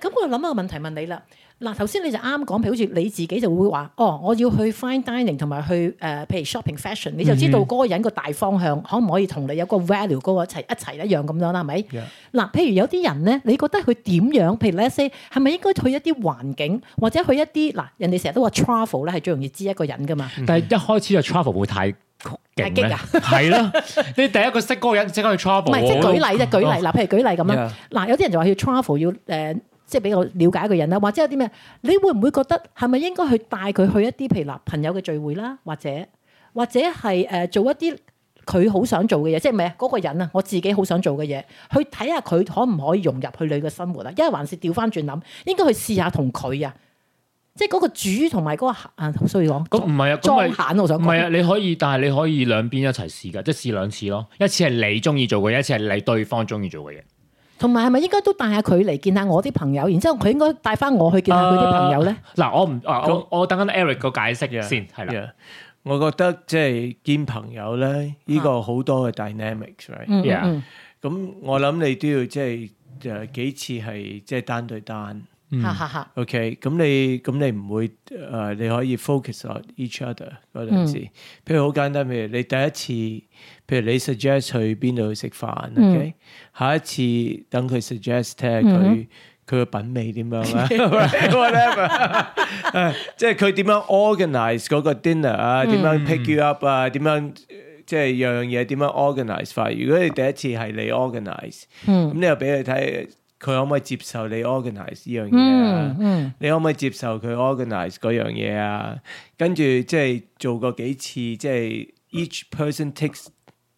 咁我就諗一個問題問你啦。嗱，頭先你就啱講，譬如好似你自己就會話，哦，我要去 fine dining 同埋去誒、呃，譬如 shopping fashion，你就知道嗰個人個大方向可唔可以同你有個 value 嗰個一齊一齊一樣咁樣 Yeah. 啦？係咪？嗱，譬如有啲人咧，你覺得佢點樣？譬如 let's say 係咪應該去一啲環境，或者去一啲嗱，人哋成日都話 travel 咧係最容易知一個人噶嘛？嗯、但
係一開始就 travel 會太激啊！係啦， 你第一個識嗰個人 vel, 不即刻去 travel。唔係即係舉例啫，舉、啊、例嗱，
譬如舉例咁 Yeah. 啦。嗱，有啲人就話要 travel 要誒。呃呃呃即係比較了解一個人啦，或者有啲咩？你會唔會覺得係咪應該去帶佢去一啲，譬如男朋友嘅聚會啦，或者或者係誒、呃、做一啲佢好想做嘅嘢，即係咩嗰個人啊？我自己好想做嘅嘢，去睇下佢可唔可以融入去你嘅生活啊？一還是調翻轉諗，應該去試下同佢啊！即係嗰個主同埋嗰個啊，需要講
咁唔係啊，再慘我想講唔係啊，你可以，但係你可以兩邊一齊試噶，即係試兩次咯。一次係你中意做嘅，一次係你，你對方中意做嘅嘢。
同埋係咪應該都帶下佢嚟見下我啲朋友，然之後佢應該帶翻我去見下佢啲朋友
咧？嗱、啊，我唔啊，我，我等緊 Eric 個解釋先，係啦。Yeah，我覺得即係、就是、見朋友咧，呢、這個好多嘅 dynamics，right？咁 Yeah.、嗯嗯、我諗你都要即係誒幾次係即係單對單。哈哈、嗯、OK，咁你咁你唔會誒、呃，你可以 focus on each other 嗰陣時，嗯、譬如好簡單，譬如你第一次，譬如你 suggest 去邊度去食飯，OK，下一次等佢 suggest 睇下佢佢嘅品味點樣啦，whatever 即係佢點樣 organize 嗰個 dinner 啊，點樣 pick you up 啊，點樣即係樣樣嘢點樣 organize 法。如果你第一次係你 organize 咁、嗯嗯、你又俾佢睇。佢可唔可以接受你 organize 呢樣嘢啊？嗯嗯、你可唔可以接受佢 organize 嗰樣嘢啊？跟住即係做過幾次，即係 each person takes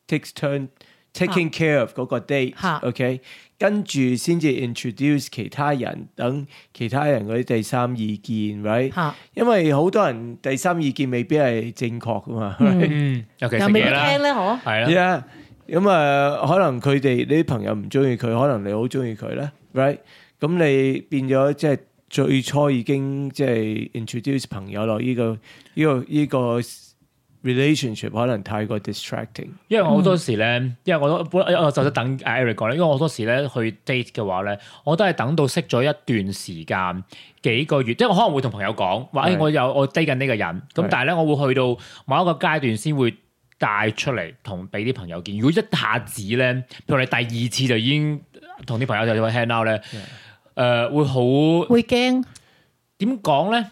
takes turn taking care of 嗰個、啊、date。OK，跟住先至 introduce 其他人，等其他人嗰啲第三意見，right？、啊、因為好多人第三意見未必係正確噶嘛。Right? 嗯，有冇 聽咧？嗬的，係啊。咁誒、嗯，可能佢哋啲朋友唔中意佢，可能你好中意佢咧，right？咁你變咗即係最初已經即係 introduce 朋友咯，依個，依、依個依、依個依個 relationship 可能太過 distracting 因、嗯因。因為我好多
時咧，因為我都本我就等 Eric 講咧，因為我好多時咧去 date 嘅話咧，我都係等到識咗一段時間幾個月，即係我可能會同朋友講話，哎是的，我有我 date 緊呢個人，咁是的 但係咧，我會去到某一個階段先會。帶出嚟同俾啲朋友見，如果一下子咧，譬如你第二次就已經同啲朋友就 hang out 咧，誒，會好會驚怕，點講咧？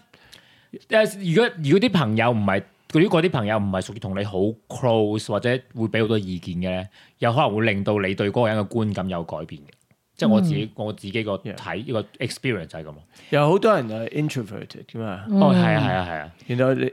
誒，如果如果啲朋友唔係，如果啲朋友唔係屬於同你好 close 或者會俾好多意見嘅咧，有可能會令到你對嗰個人嘅觀感有改變嘅。嗯、即係我自己、嗯、我自己個睇呢個 experience 就係、是、咁
有好多人係 introverted 噶嘛？哦，係啊，係啊，係啊，然之後你。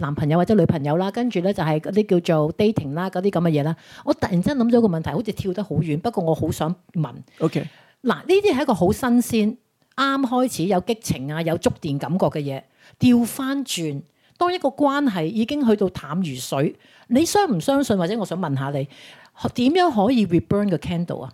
男朋友或者女朋友啦，跟住呢就係嗰啲叫做 dating 啦，嗰啲咁嘅嘢啦。我突然間諗咗個問題，好似跳得好遠，不過我好想問。OK，嗱呢啲係一個好新鮮，啱開始有激情啊，有觸電感覺嘅嘢。調翻轉，當一個關係已經去到淡如水，你相唔相信？或者我想問下你，點樣可以 reburn 個 candle 啊？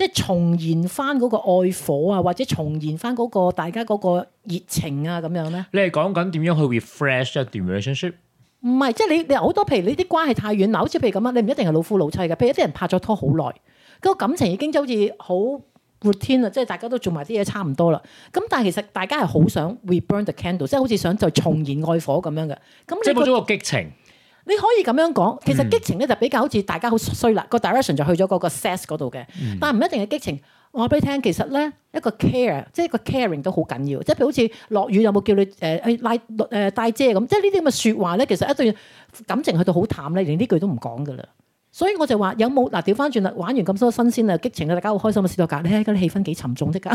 即係重燃翻嗰個愛火啊，或者重燃翻嗰個大家嗰個熱情啊，咁樣咧
re？你係講緊點樣去 refresh 一段 relationship？
唔係，即係你你好多譬如你啲關係太遠嗱，好似譬如咁啊，你唔一定係老夫老妻嘅。譬如一啲人拍咗拖好耐，嗰個感情已經就好似好 routine 啦，即係大家都做埋啲嘢差唔多啦。咁但係其實大家係好想 reburn the candle，即係好似想就重燃愛火咁樣嘅。咁即係冇咗個激情。你可以咁樣講，其實激情咧就比較好似大家好衰啦，個 direction 就去咗嗰個 sex 嗰度嘅，但係唔一定係激情。我話俾你聽，其實咧一個 care，即係一個 caring 都好緊要，即係譬如好似落雨有冇叫你誒帶誒帶遮咁，即係呢啲咁嘅説話咧，其實一段感情去到好淡咧，連呢句都唔講噶啦。所以我就話有冇嗱調翻轉啦，玩完咁多新鮮啊，激情啊，大家好開心啊，試多架。你睇下而家啲氣氛幾沉重的架？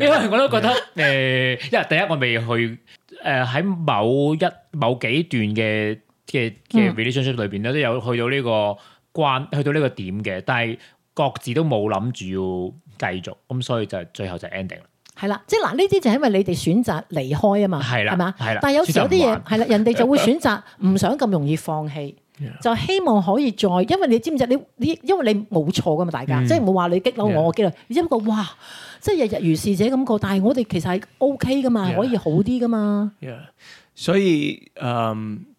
因為
我都覺得誒，因為第一我未去誒喺某一某幾段嘅。嘅嘅 relationship 裏邊咧都有去到呢個關，去到呢個點嘅，但係各自都冇諗住要繼續，咁所以就最後就 ending 啦。係
啦，即係嗱，呢啲就係因為你哋選擇離開啊嘛，係
啦，係嘛，係啦。但係有時有啲嘢
係啦，人哋就會選擇唔想咁容易放棄，就希望可以再，因為你知唔知？你你因為你冇錯噶嘛，大家即係冇話你激嬲我我激嬲，只不過哇，即係日日如是者咁過。但係我哋其實係 OK 噶嘛，可以好啲噶嘛。
所以嗯。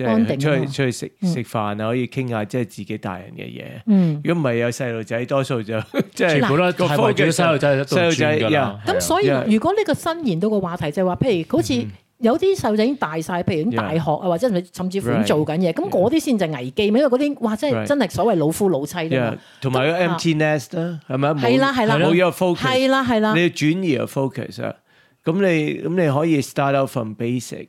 即係出去出去食食飯啊，可以傾下即係自己大人嘅嘢。如果唔係有細路仔，多數就即係好多個科技嘅細路仔喺度轉噶啦。咁所以如
果呢個伸延到個話題就係話，譬如好似有啲細路仔已經大晒，譬如已經大學啊，或者甚至乎做緊嘢，咁嗰啲先就危機，因為嗰啲哇真係真係所謂老夫老妻啊嘛。
同埋個 empty nest 啦，係咪啊？係啦係啦，冇咗個 focus，係啦係啦，你要轉移個 focus 啊。咁你咁你可以 start out from basic。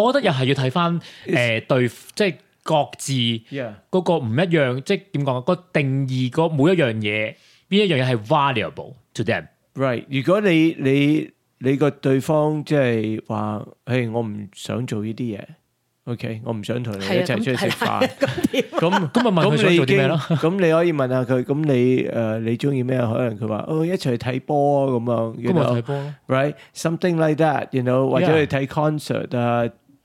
我覺得又係要睇翻
誒對，即係各自嗰個唔一樣，即係點講啊？個定義嗰每一樣嘢，邊一樣嘢係 valuable
to them？Right，如果你你你個對方即係話，誒，我唔想做呢啲嘢。OK，我唔想同你一齊出去食飯。咁咁咪問佢想做啲咩咯？咁你可以問下佢。咁你誒你中意咩？可能佢話，哦，一齊去睇波咁樣。咁咪睇波咯。Right，something like that，you know，或者去睇 concert 啊。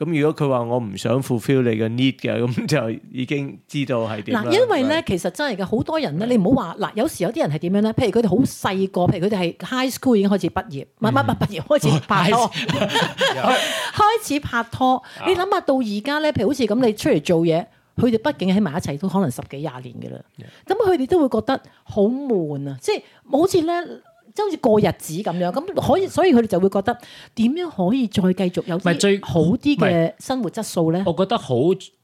咁如果佢話我唔想 fulfill 你嘅 need 嘅，咁就已經知道係點啦。嗱，因為咧，對
其實真係嘅，好多人咧，是 你唔好話，嗱，有時有啲人係點樣咧？譬如佢哋好細個，譬如佢哋係 high school 已經開始畢業，唔係唔係畢業開始拍拖， 開始拍拖。你諗下到而家咧，譬如好似咁，你出嚟做嘢，佢哋畢竟喺埋一齊都可能十幾廿年嘅啦。咁佢哋都會覺得悶，就是，好悶啊，即係好似咧。好似過日子咁樣，咁可以，所以佢哋就會覺得點樣可以再繼續有最好啲嘅
生活質素呢？我覺得好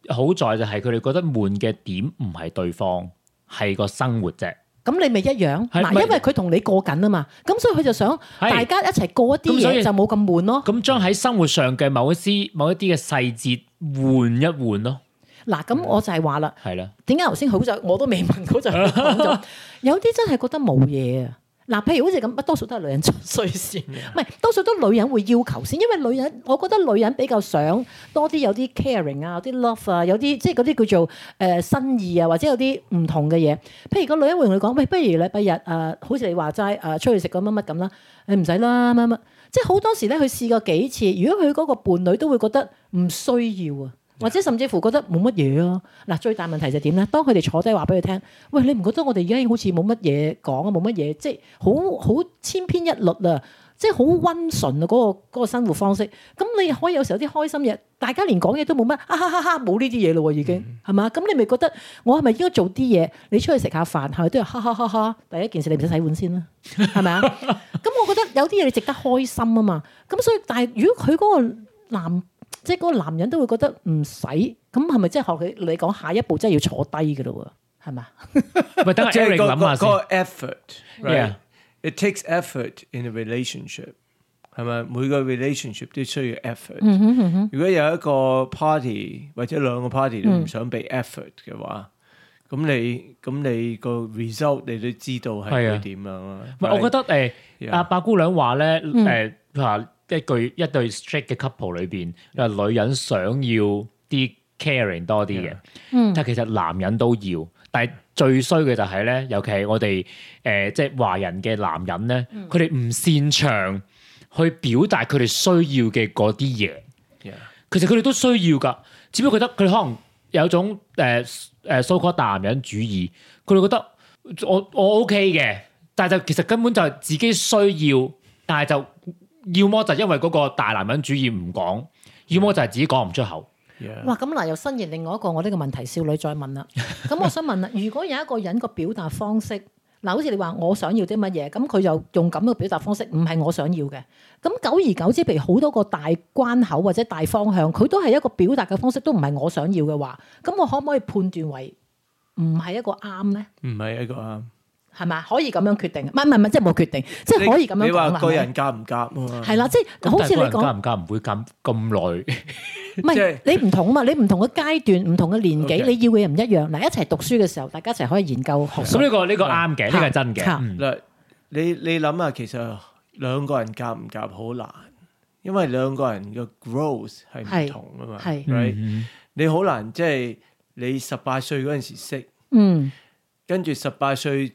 好在就係佢哋覺得悶嘅點唔係對方，係個生活啫。
咁你咪一樣，嗱，因為佢同你過緊啊嘛，咁所以佢就想大家一齊過一啲嘢，就冇
咁悶咯。咁將喺生活上嘅某一啲、某一啲嘅細節換一換咯。
嗱，咁我就係話啦，係啦。點解頭先好在我都未問嗰陣，有啲真係覺得冇嘢啊。嗱，譬如好似咁，多數都係女人出需先，唔係 多數都女人會要求先，因為女人，我覺得女人比較想多啲有啲 caring 啊，有啲 love 啊，有啲即係嗰啲叫做誒新意啊，或者有啲唔同嘅嘢。譬如個女人會同你講，喂、哎，不如禮拜日誒、呃，好似你話齋誒，出去食個乜乜咁啦，你唔使啦乜乜。即係好多時咧，佢試過幾次，如果佢嗰個伴侶都會覺得唔需要啊。或者甚至乎覺得冇乜嘢咯，嗱，最大問題就點咧？當佢哋坐低話俾佢聽，喂，你唔覺得我哋而家好似冇乜嘢講，冇乜嘢，即係好好千篇一律啊，即係好溫順啊嗰、嗰個嗰個生活方式。咁你可以有時候啲開心嘢，大家連講嘢都冇乜，啊哈哈哈冇呢啲嘢咯已經，係嘛、嗯嗯？咁你咪覺得我係咪應該做啲嘢？你出去食下飯係咪都要哈哈哈哈？第一件事你唔使洗碗先啦，係咪啊？咁 我覺得有啲嘢你值得開心啊嘛。咁所以但係如果佢嗰個男，.即係嗰個男人都會覺得唔使，咁係咪即係學佢？你講下一步真係要坐低噶咯，係嘛？唔係等
阿 Eric 諗下先。嗰個 effort，right？It takes effort in a relationship，係嘛？每個 relationship 都需要 effort。如果有一個 party 或者兩個 party 都唔想俾 effort 嘅話，咁你咁你個 result 你都知道係會點樣啦。唔，我覺得
誒阿八姑娘話咧誒話。一句一對 straight 嘅 couple 裏邊，又女人想要啲 caring 多啲嘅。Yeah . mm. 但係其實男人都要，但係最衰嘅就係、是、咧，尤其係我哋誒、呃、即係華人嘅男人咧，佢哋唔擅長去表達佢哋需要嘅嗰啲嘢。Yeah. 其實佢哋都需要噶，只不過覺得佢哋可能有種誒誒 so called 大男人主義，佢哋覺得我我 OK 嘅，但係就其實根本就係自己需要，但係就。要麼就因為嗰個大男人主義唔講，要麼就係自己講唔出口。
哇！咁嗱，又新言另外一個我呢個問題，少女再問啦。咁我想問啦，如果有一個人個表達方式，嗱，好似你話我想要啲乜嘢，咁佢就用咁嘅表達方式，唔係我想要嘅。咁久而久之，譬如好多個大關口或者大方向，佢都係一個表達嘅方式，都唔係我想要嘅話，咁我可唔可以判斷為唔係一個啱呢？
唔係一個啱。
係咪？可以咁樣決定？唔係唔係唔係，即係冇決定，即係
可以咁樣講啦。你話個人夾唔夾？係
啦，即係好似你講夾唔
夾，唔會咁咁耐。
唔係你唔同啊嘛？你唔同嘅階段，唔同嘅年紀，你要嘅嘢唔一樣。嗱，一齊讀書嘅時候，大家一齊可以研究學習。咁
呢個呢個啱嘅，呢個真嘅。嗱，你你諗下，其實兩個人夾唔夾好難，因為兩個人嘅 growth 係唔同啊嘛。係，你好難即係你十八歲嗰陣時識，嗯，跟住十八歲。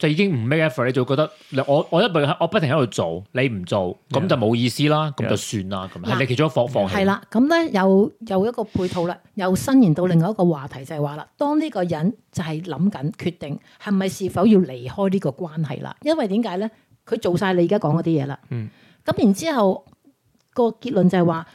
就已經唔 make effort，你就覺得嗱，我我一定我不停喺度做，你唔做咁就冇意思啦，咁 Yeah. 就算啦，咁係 Yeah. 你其中一放放棄。係啦、
啊，咁咧又又一個配套啦，又伸延到另外一個話題，就係話啦，當呢個人就係諗緊決定係咪是，是否要離開呢個關係啦，因為點解咧？佢做晒你而家講嗰啲嘢啦，嗯，咁然之後、個結論就係、是、話。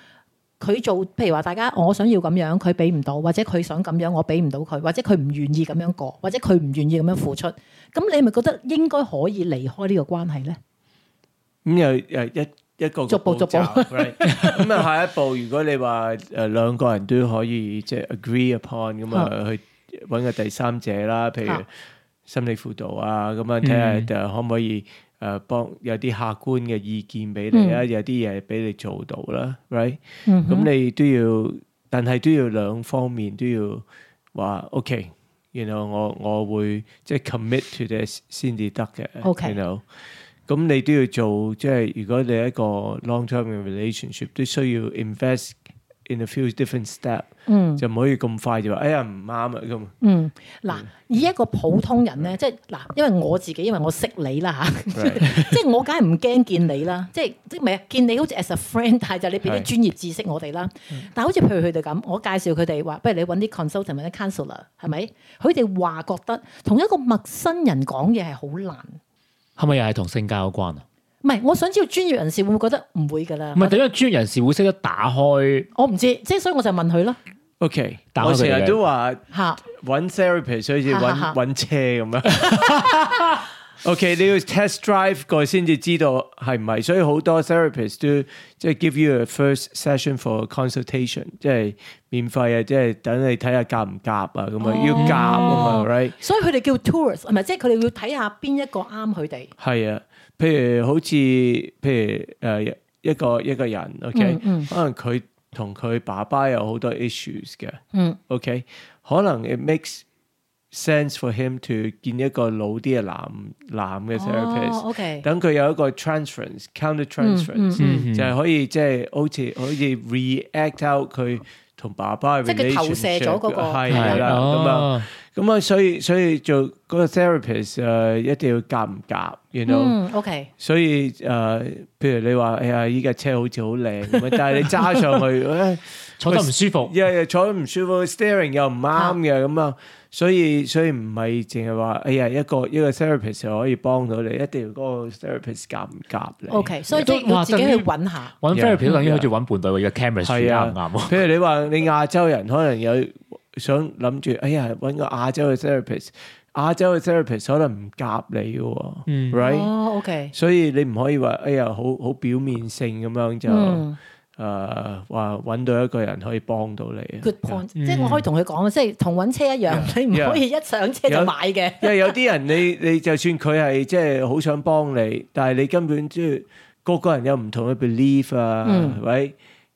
佢做，譬如話大家我想要咁樣，佢俾唔到，或者佢想咁樣，我俾唔到佢，或者佢唔願意咁樣過，或者佢唔願意咁樣付出，咁你係咪覺得應該可以離開呢個關係咧？
咁又誒一一個,個步逐步逐步咁啊 Right? 嗯，下一步如果你話誒、呃、兩個人都可以即係 agree upon 咁、嗯、啊，嗯、去搵個第三者啦，譬如心理輔導啊，咁啊睇下就可唔可以？嗯誒幫有啲客觀嘅意見俾你啦，有啲嘢俾你做到啦，right？咁你都要，但係都要兩方面都要話 OK。然後我我會即係 commit to this 先至得嘅。OK。然後咁你都要做，即係如果你一個 long term 嘅 relationship 都需要 invest。In a few different step，、嗯、就唔可以咁快就話，哎呀唔啱啊咁。嗯，
嗱，以一個普通人咧，嗯、即係嗱，因為我自己，因為我識你啦嚇 Right. 即係我梗係唔驚見你啦，即係即係唔係啊？見你好似 as a friend，但係就你俾啲專業知識我哋啦。是但係好似譬如佢哋咁，我介紹佢哋話，不如你揾啲 consultant 或者 counselor，、嗯、係咪？佢哋話覺得同一個陌生人講嘢係好難，
係咪又係同性格有關啊？
唔係，我想知道專業人士會唔會覺得唔會㗎啦？
唔係，點解專業人士會識得打開。我
唔知，
即係所以我就問佢啦。
O Okay , K，我成日都話揾 therapist 好似揾揾車咁樣。哈 o、okay, K，你要 test drive 過先至知道係唔係，所以好多 therapist 都即係 give you a first session for consultation，即係免費啊，即係等你睇下夾唔夾啊，咁啊、哦、要夾啊嘛，right？
所以佢哋叫 tourist，唔係即係佢哋要睇下邊一個啱佢哋。
係啊。譬如好似譬如誒、呃、一個一個人，OK，嗯嗯、可能佢同佢爸爸有好多 issues 嘅，OK，嗯可能 it makes。sense for him to 見一個老啲嘅男男嘅 therapist，等佢有一個 transference，counter transference，就係可以即係好似好似 react out 佢同爸爸嘅，即係佢投射咗嗰個係啦。咁啊，咁啊，所以所以做嗰個 therapist 啊，一定要夾唔夾，you know？OK，所以誒，譬如你話哎呀，依架車好似好靚，但係你揸上去誒，坐得唔舒服，又又坐得唔舒服，steering 又唔啱嘅咁啊！所以所以唔係淨係話，哎呀，一個一個 therapist 可以幫到你，一定要嗰個 therapist 夾唔夾你。o、okay,
K，所以都要自己去揾
下。揾 therapist 等於好似揾
伴侶 Yeah,、uh, yeah,，或者 camera 啱唔啱？
譬、啊、如你話你亞洲人可能有想諗住，哎呀揾個亞洲嘅 therapist，亞洲嘅 therapist 可能唔夾你嘅，right？o K。所以你唔可以話，哎呀，好好，好，好表面性咁樣就。嗯嗯誒，話揾、uh, 到一個人可以幫到你 g Good point. Yeah. 即係我可以同佢
講，mm. 即係同揾車一樣，你唔可以一上車就買嘅，因 為
有啲人你你就算佢係即係好想幫你，但係你根本即係個個人有唔同嘅 belief 啊，係咪。Mm. Right?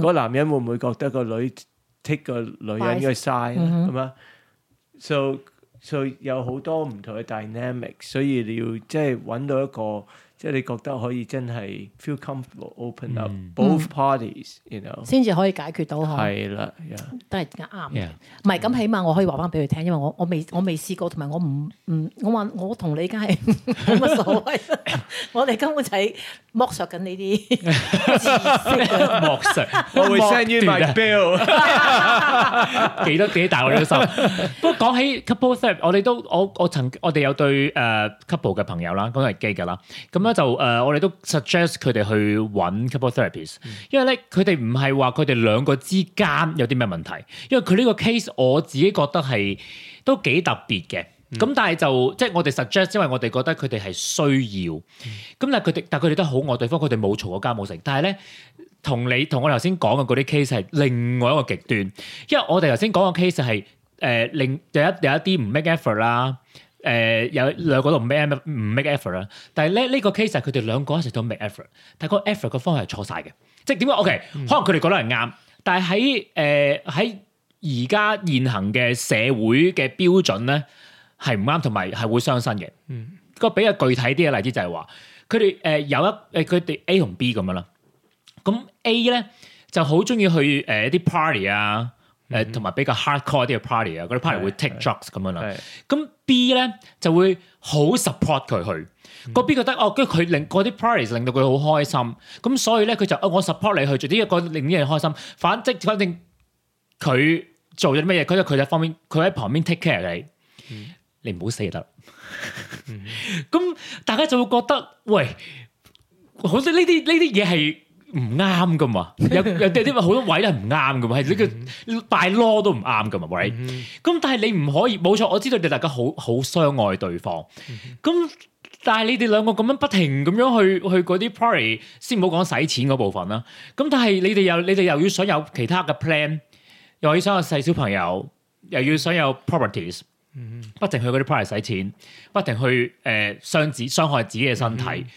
個男人會唔會覺得個女 take 個女人嘅 side 咁樣？所以所以有好多唔同嘅 dynamic。所以你要即係揾到一個即係你覺得可以真係 feel comfortable，open up both parties，you know，先至可以解決到。係啦，
都係啱嘅。唔係咁，起碼我可以話翻俾佢聽，因為我我未我未試過，同埋我唔唔，我話我同你而家係冇乜所謂，我哋根本就係。
剝削緊呢啲，剝削，我會 send you my bill，幾多幾大我都要收。不過講起 couple therapy，我哋都我我曾我哋有對誒、uh, couple 嘅朋友啦，咁係 gay 㗎啦。咁咧就誒、uh, 我哋都 suggest 佢哋去揾 couple therapies，因為咧佢哋唔係話佢哋兩個之間有啲咩問題，因為佢呢個 case 我自己覺得係都幾特別嘅。咁、嗯、但係就即係我哋 suggest，因為我哋覺得佢哋係需要，咁、嗯、但係佢哋但係佢哋都好愛對方，佢哋冇嘈過交冇成。但係咧，同你同我頭先講嘅嗰啲 case 係另外一個極端，因為我哋頭先講嘅 case 係誒另有一、呃、有一啲唔 make effort 啦，誒有兩個都唔 make 唔 make effort 啦，但係咧呢、這個 case 係佢哋兩個一直都 make effort，但係個 effort 嘅方向係錯晒嘅，即係點解？OK，可能佢哋覺得係啱，但係喺誒喺而家現行嘅社會嘅標準咧。係唔啱，同埋係會傷身嘅。嗯、個比較具體啲嘅例子就係話，佢哋誒有一誒佢哋 A 同 B 咁樣啦。咁 A 咧就好中意去誒一啲 party 啊，誒同埋比較 hardcore 啲嘅 party 啊，嗰啲 party 會 take drugs 咁樣啦。咁、嗯、哼 B 咧就會好 support 佢去。個、嗯、哼 B 覺得哦，跟住佢令嗰啲 parties 令到佢好開心。咁所以咧佢就哦，我 support 你去，做因為個令啲人開心。反正反正佢做咗啲乜嘢，佢就佢就方面，佢喺旁邊 take care 你。你唔好死就得，咁大家就會覺得，喂，好似呢啲呢啲嘢係唔啱噶嘛，有有啲好多位係唔啱噶嘛，係呢個犯 law 都唔啱噶嘛，喂，咁但係你唔可以，冇錯，我知道你哋大家好好相愛對方，咁但係你哋兩個咁樣不停咁樣去去嗰啲 party，先唔好講使錢嗰部分啦，咁但係你哋又你哋又要想有其他嘅 plan，又要想有細小朋友，又要想有 properties。不停去嗰啲 party 使錢，不停去誒傷自傷害自己嘅身體。Mm hmm.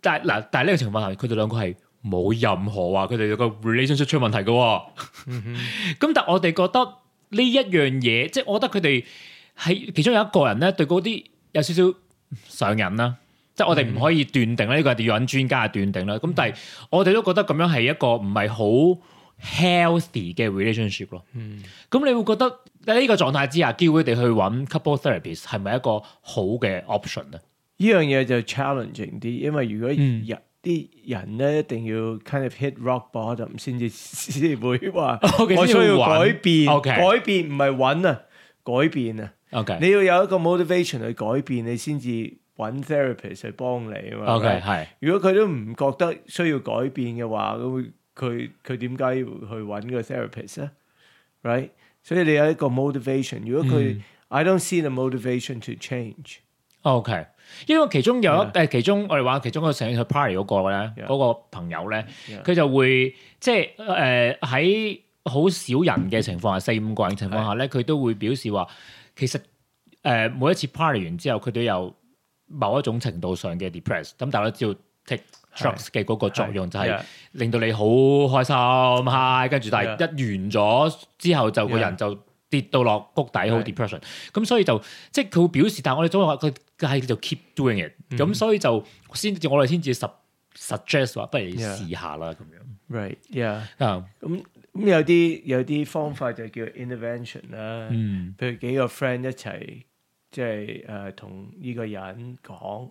但係嗱，但係呢個情況下，佢哋兩個係冇任何話，佢哋個 relationship 出問題嘅。咁、mm hmm. 但係我哋覺得呢一樣嘢，即係我覺得佢哋係其中有一個人咧，對嗰啲有少少上癮啦。Mm hmm. 即係我哋唔可以斷定呢、呢個專定、mm hmm. 我哋要揾專家去斷定啦。咁但係我哋都覺得咁樣係一個唔係好 healthy 嘅 relationship 咯。嗯、mm，咁、hmm. 你會覺得？但喺呢個狀態之下，叫佢哋去揾 couple therapist 係咪一個好嘅 option 咧？呢樣
嘢就 challenging 啲，因為如果啲人咧、嗯、一定要 kind of hit rock bottom 先至先會話 Okay, 我需要改變。改變唔係揾啊，改變啊。你要有一個 motivation 去改變，你先至揾 therapist 去幫你啊嘛。OK，係。如果佢都唔覺得需要改變嘅話，咁佢佢點解要去揾個 therapist 咧？Right。所以你有一個 motivation，如果佢、嗯、I don't see the motivation to change。
OK，因為其中有一，誒 Yeah.、呃、其中我哋話其中個成日去 party 嗰個咧，嗰 Yeah. 個朋友咧，佢 Yeah. 就會即係誒喺好少人嘅情況下，四五個人情況下咧，佢 Yeah. 都會表示話其實誒、呃、每一次 party 完之後，佢都有某一種程度上嘅 depress。咁大家知道 take。Drugs 嘅嗰個作用就係令到你好開心，係跟住但係一完咗之後就個人就跌到落谷底，好 depression。咁所以就即係佢會表示，但係我哋總係話佢係就 keep doing it。咁所以就先我哋先至 suggest 話不如試下
啦咁樣。Right，yeah，啊咁咁有啲有啲方法就叫 intervention 啦。嗯，譬如幾個 friend 一齊即係誒同呢個人講。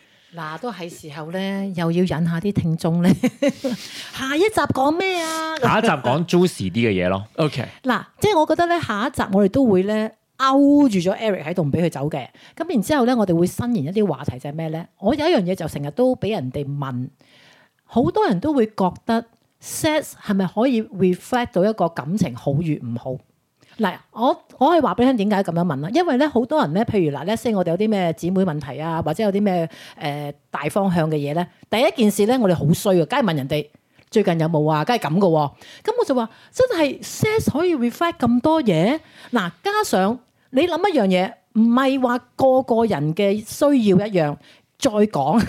嗱，都係時候咧，又要忍下啲聽眾咧。 下一集講咩啊？ 下
一集講 juicy 啲嘅嘢咯。OK，
嗱，即係我覺得咧，下一集我哋都會咧勾住咗 Eric 喺度，唔俾佢走嘅。咁然之後咧，我哋會伸延一啲話題，就係咩咧？我有一樣嘢就成日都俾人哋問，好多人都會覺得 sex 係咪可以 reflect 到一個感情好與唔好？嗱，我我係話俾你聽點解咁樣問啦？因為咧，好多人咧，譬如嗱，Let's say 我哋有啲咩姊妹問題啊，或者有啲咩誒大方向嘅嘢咧，第一件事咧，我哋好衰嘅，梗係問人哋最近有冇啊，梗係咁嘅喎。咁我就話真係 S 可以 reflect 咁多嘢。嗱，加上你諗一樣嘢，唔係話個個人嘅需要一樣，再講。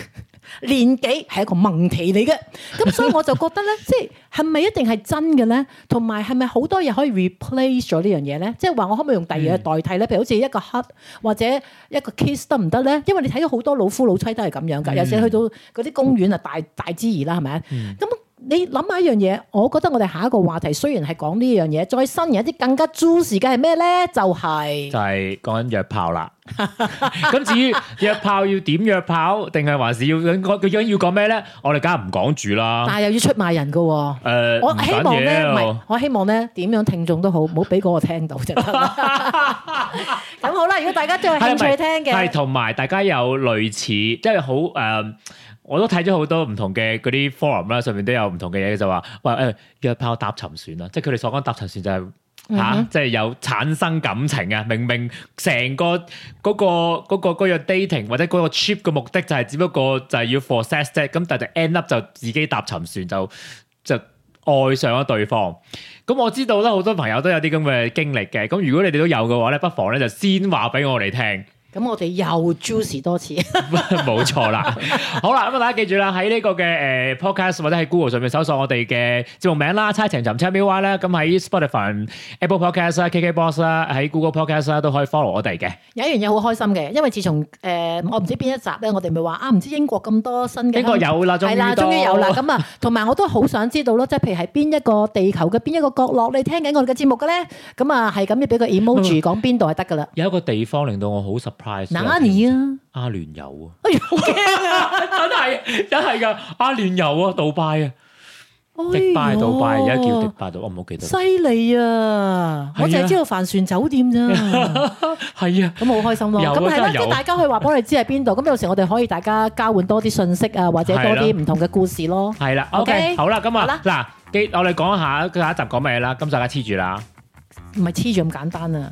年紀係一個問題嚟嘅，咁 所以我就覺得咧，即係咪一定係真嘅咧？同埋係咪好多嘢可以 replace 咗呢樣嘢咧？即係話我可唔可以用第二嘢代替咧？譬、嗯、如好似一個 hug 或者一個 kiss 得唔得咧？因為你睇到好多老夫老妻都係咁樣噶，嗯、有時去到嗰啲公園啊，大大之餘啦，係咪咁。嗯你諗下一樣嘢，我覺得我哋下一個話題雖然係講呢樣嘢，再新有一啲更加 juicy 嘅係咩咧？就係、是、
就係講緊約炮啦。咁至於約炮要點約炮，定係還是要咁嗰樣要講咩咧？我哋梗係唔講住啦。但係又
要出賣人噶、哦。
誒、呃，我希望咧唔係
我希望咧點樣聽眾都好，唔好俾嗰個聽到就得。咁好啦，如果大家都有興趣聽嘅，
同埋大家有類似即係好誒。就是我都睇咗好多唔同嘅嗰啲 forum 啦，上面都有唔同嘅嘢就話，喂，呃，約炮搭沉船啊！即係佢哋所講搭沉船就係，吓，啊 uh huh. 即係有產生感情啊！明明成個嗰個嗰個嗰個樣 dating 或者嗰個 trip 嘅目的就係只不過就係要 for sex 啫，咁但就 end up 就自己搭沉船就就愛上咗對方。咁我知道啦，好多朋友都有啲咁嘅經歷嘅。咁如果你哋都有嘅話咧，不妨咧就先話俾我哋聽。
咁我哋又 juicy 多次，
冇錯啦。好啦，咁啊，大家記住啦，喺呢個嘅誒 podcast 或者喺 Google 上面搜索我哋嘅節目名啦，猜情尋猜喵 Y 咧。咁喺 Spotify、Apple Podcast 啦、KKBox 啦，喺 Google Podcast 啦都可以 follow 我哋嘅。
有一樣嘢好開心嘅，因為自從誒我唔知邊一集咧，我哋咪話啊，唔知英國咁多新嘅英國有啦，係啦，終於有啦。咁啊，同埋我都好想知道咯，即係譬如喺邊一個地球嘅邊一個角落，你聽緊我哋嘅節目嘅咧？咁啊，係咁要俾個 emoji 講
邊度係得噶啦。有一個地方令到我好十。哪裏啊？阿聯酋啊，哎呀，好驚啊！真係真係噶，阿聯酋啊，迪拜啊，迪拜，迪拜而家叫迪拜，我唔好記得。犀
利啊！我淨係知道帆船酒店啫。
係啊，咁好開心咯。咁係啦，咁大家
去以話俾我哋知係邊度。咁有時我哋可以大家交換多啲信息啊，或者多啲唔同嘅故事咯。
係啦，OK，好啦，今日嗱，我哋講下下一集講咩嘢啦？咁大家黐住啦，
唔係黐住咁簡單啊！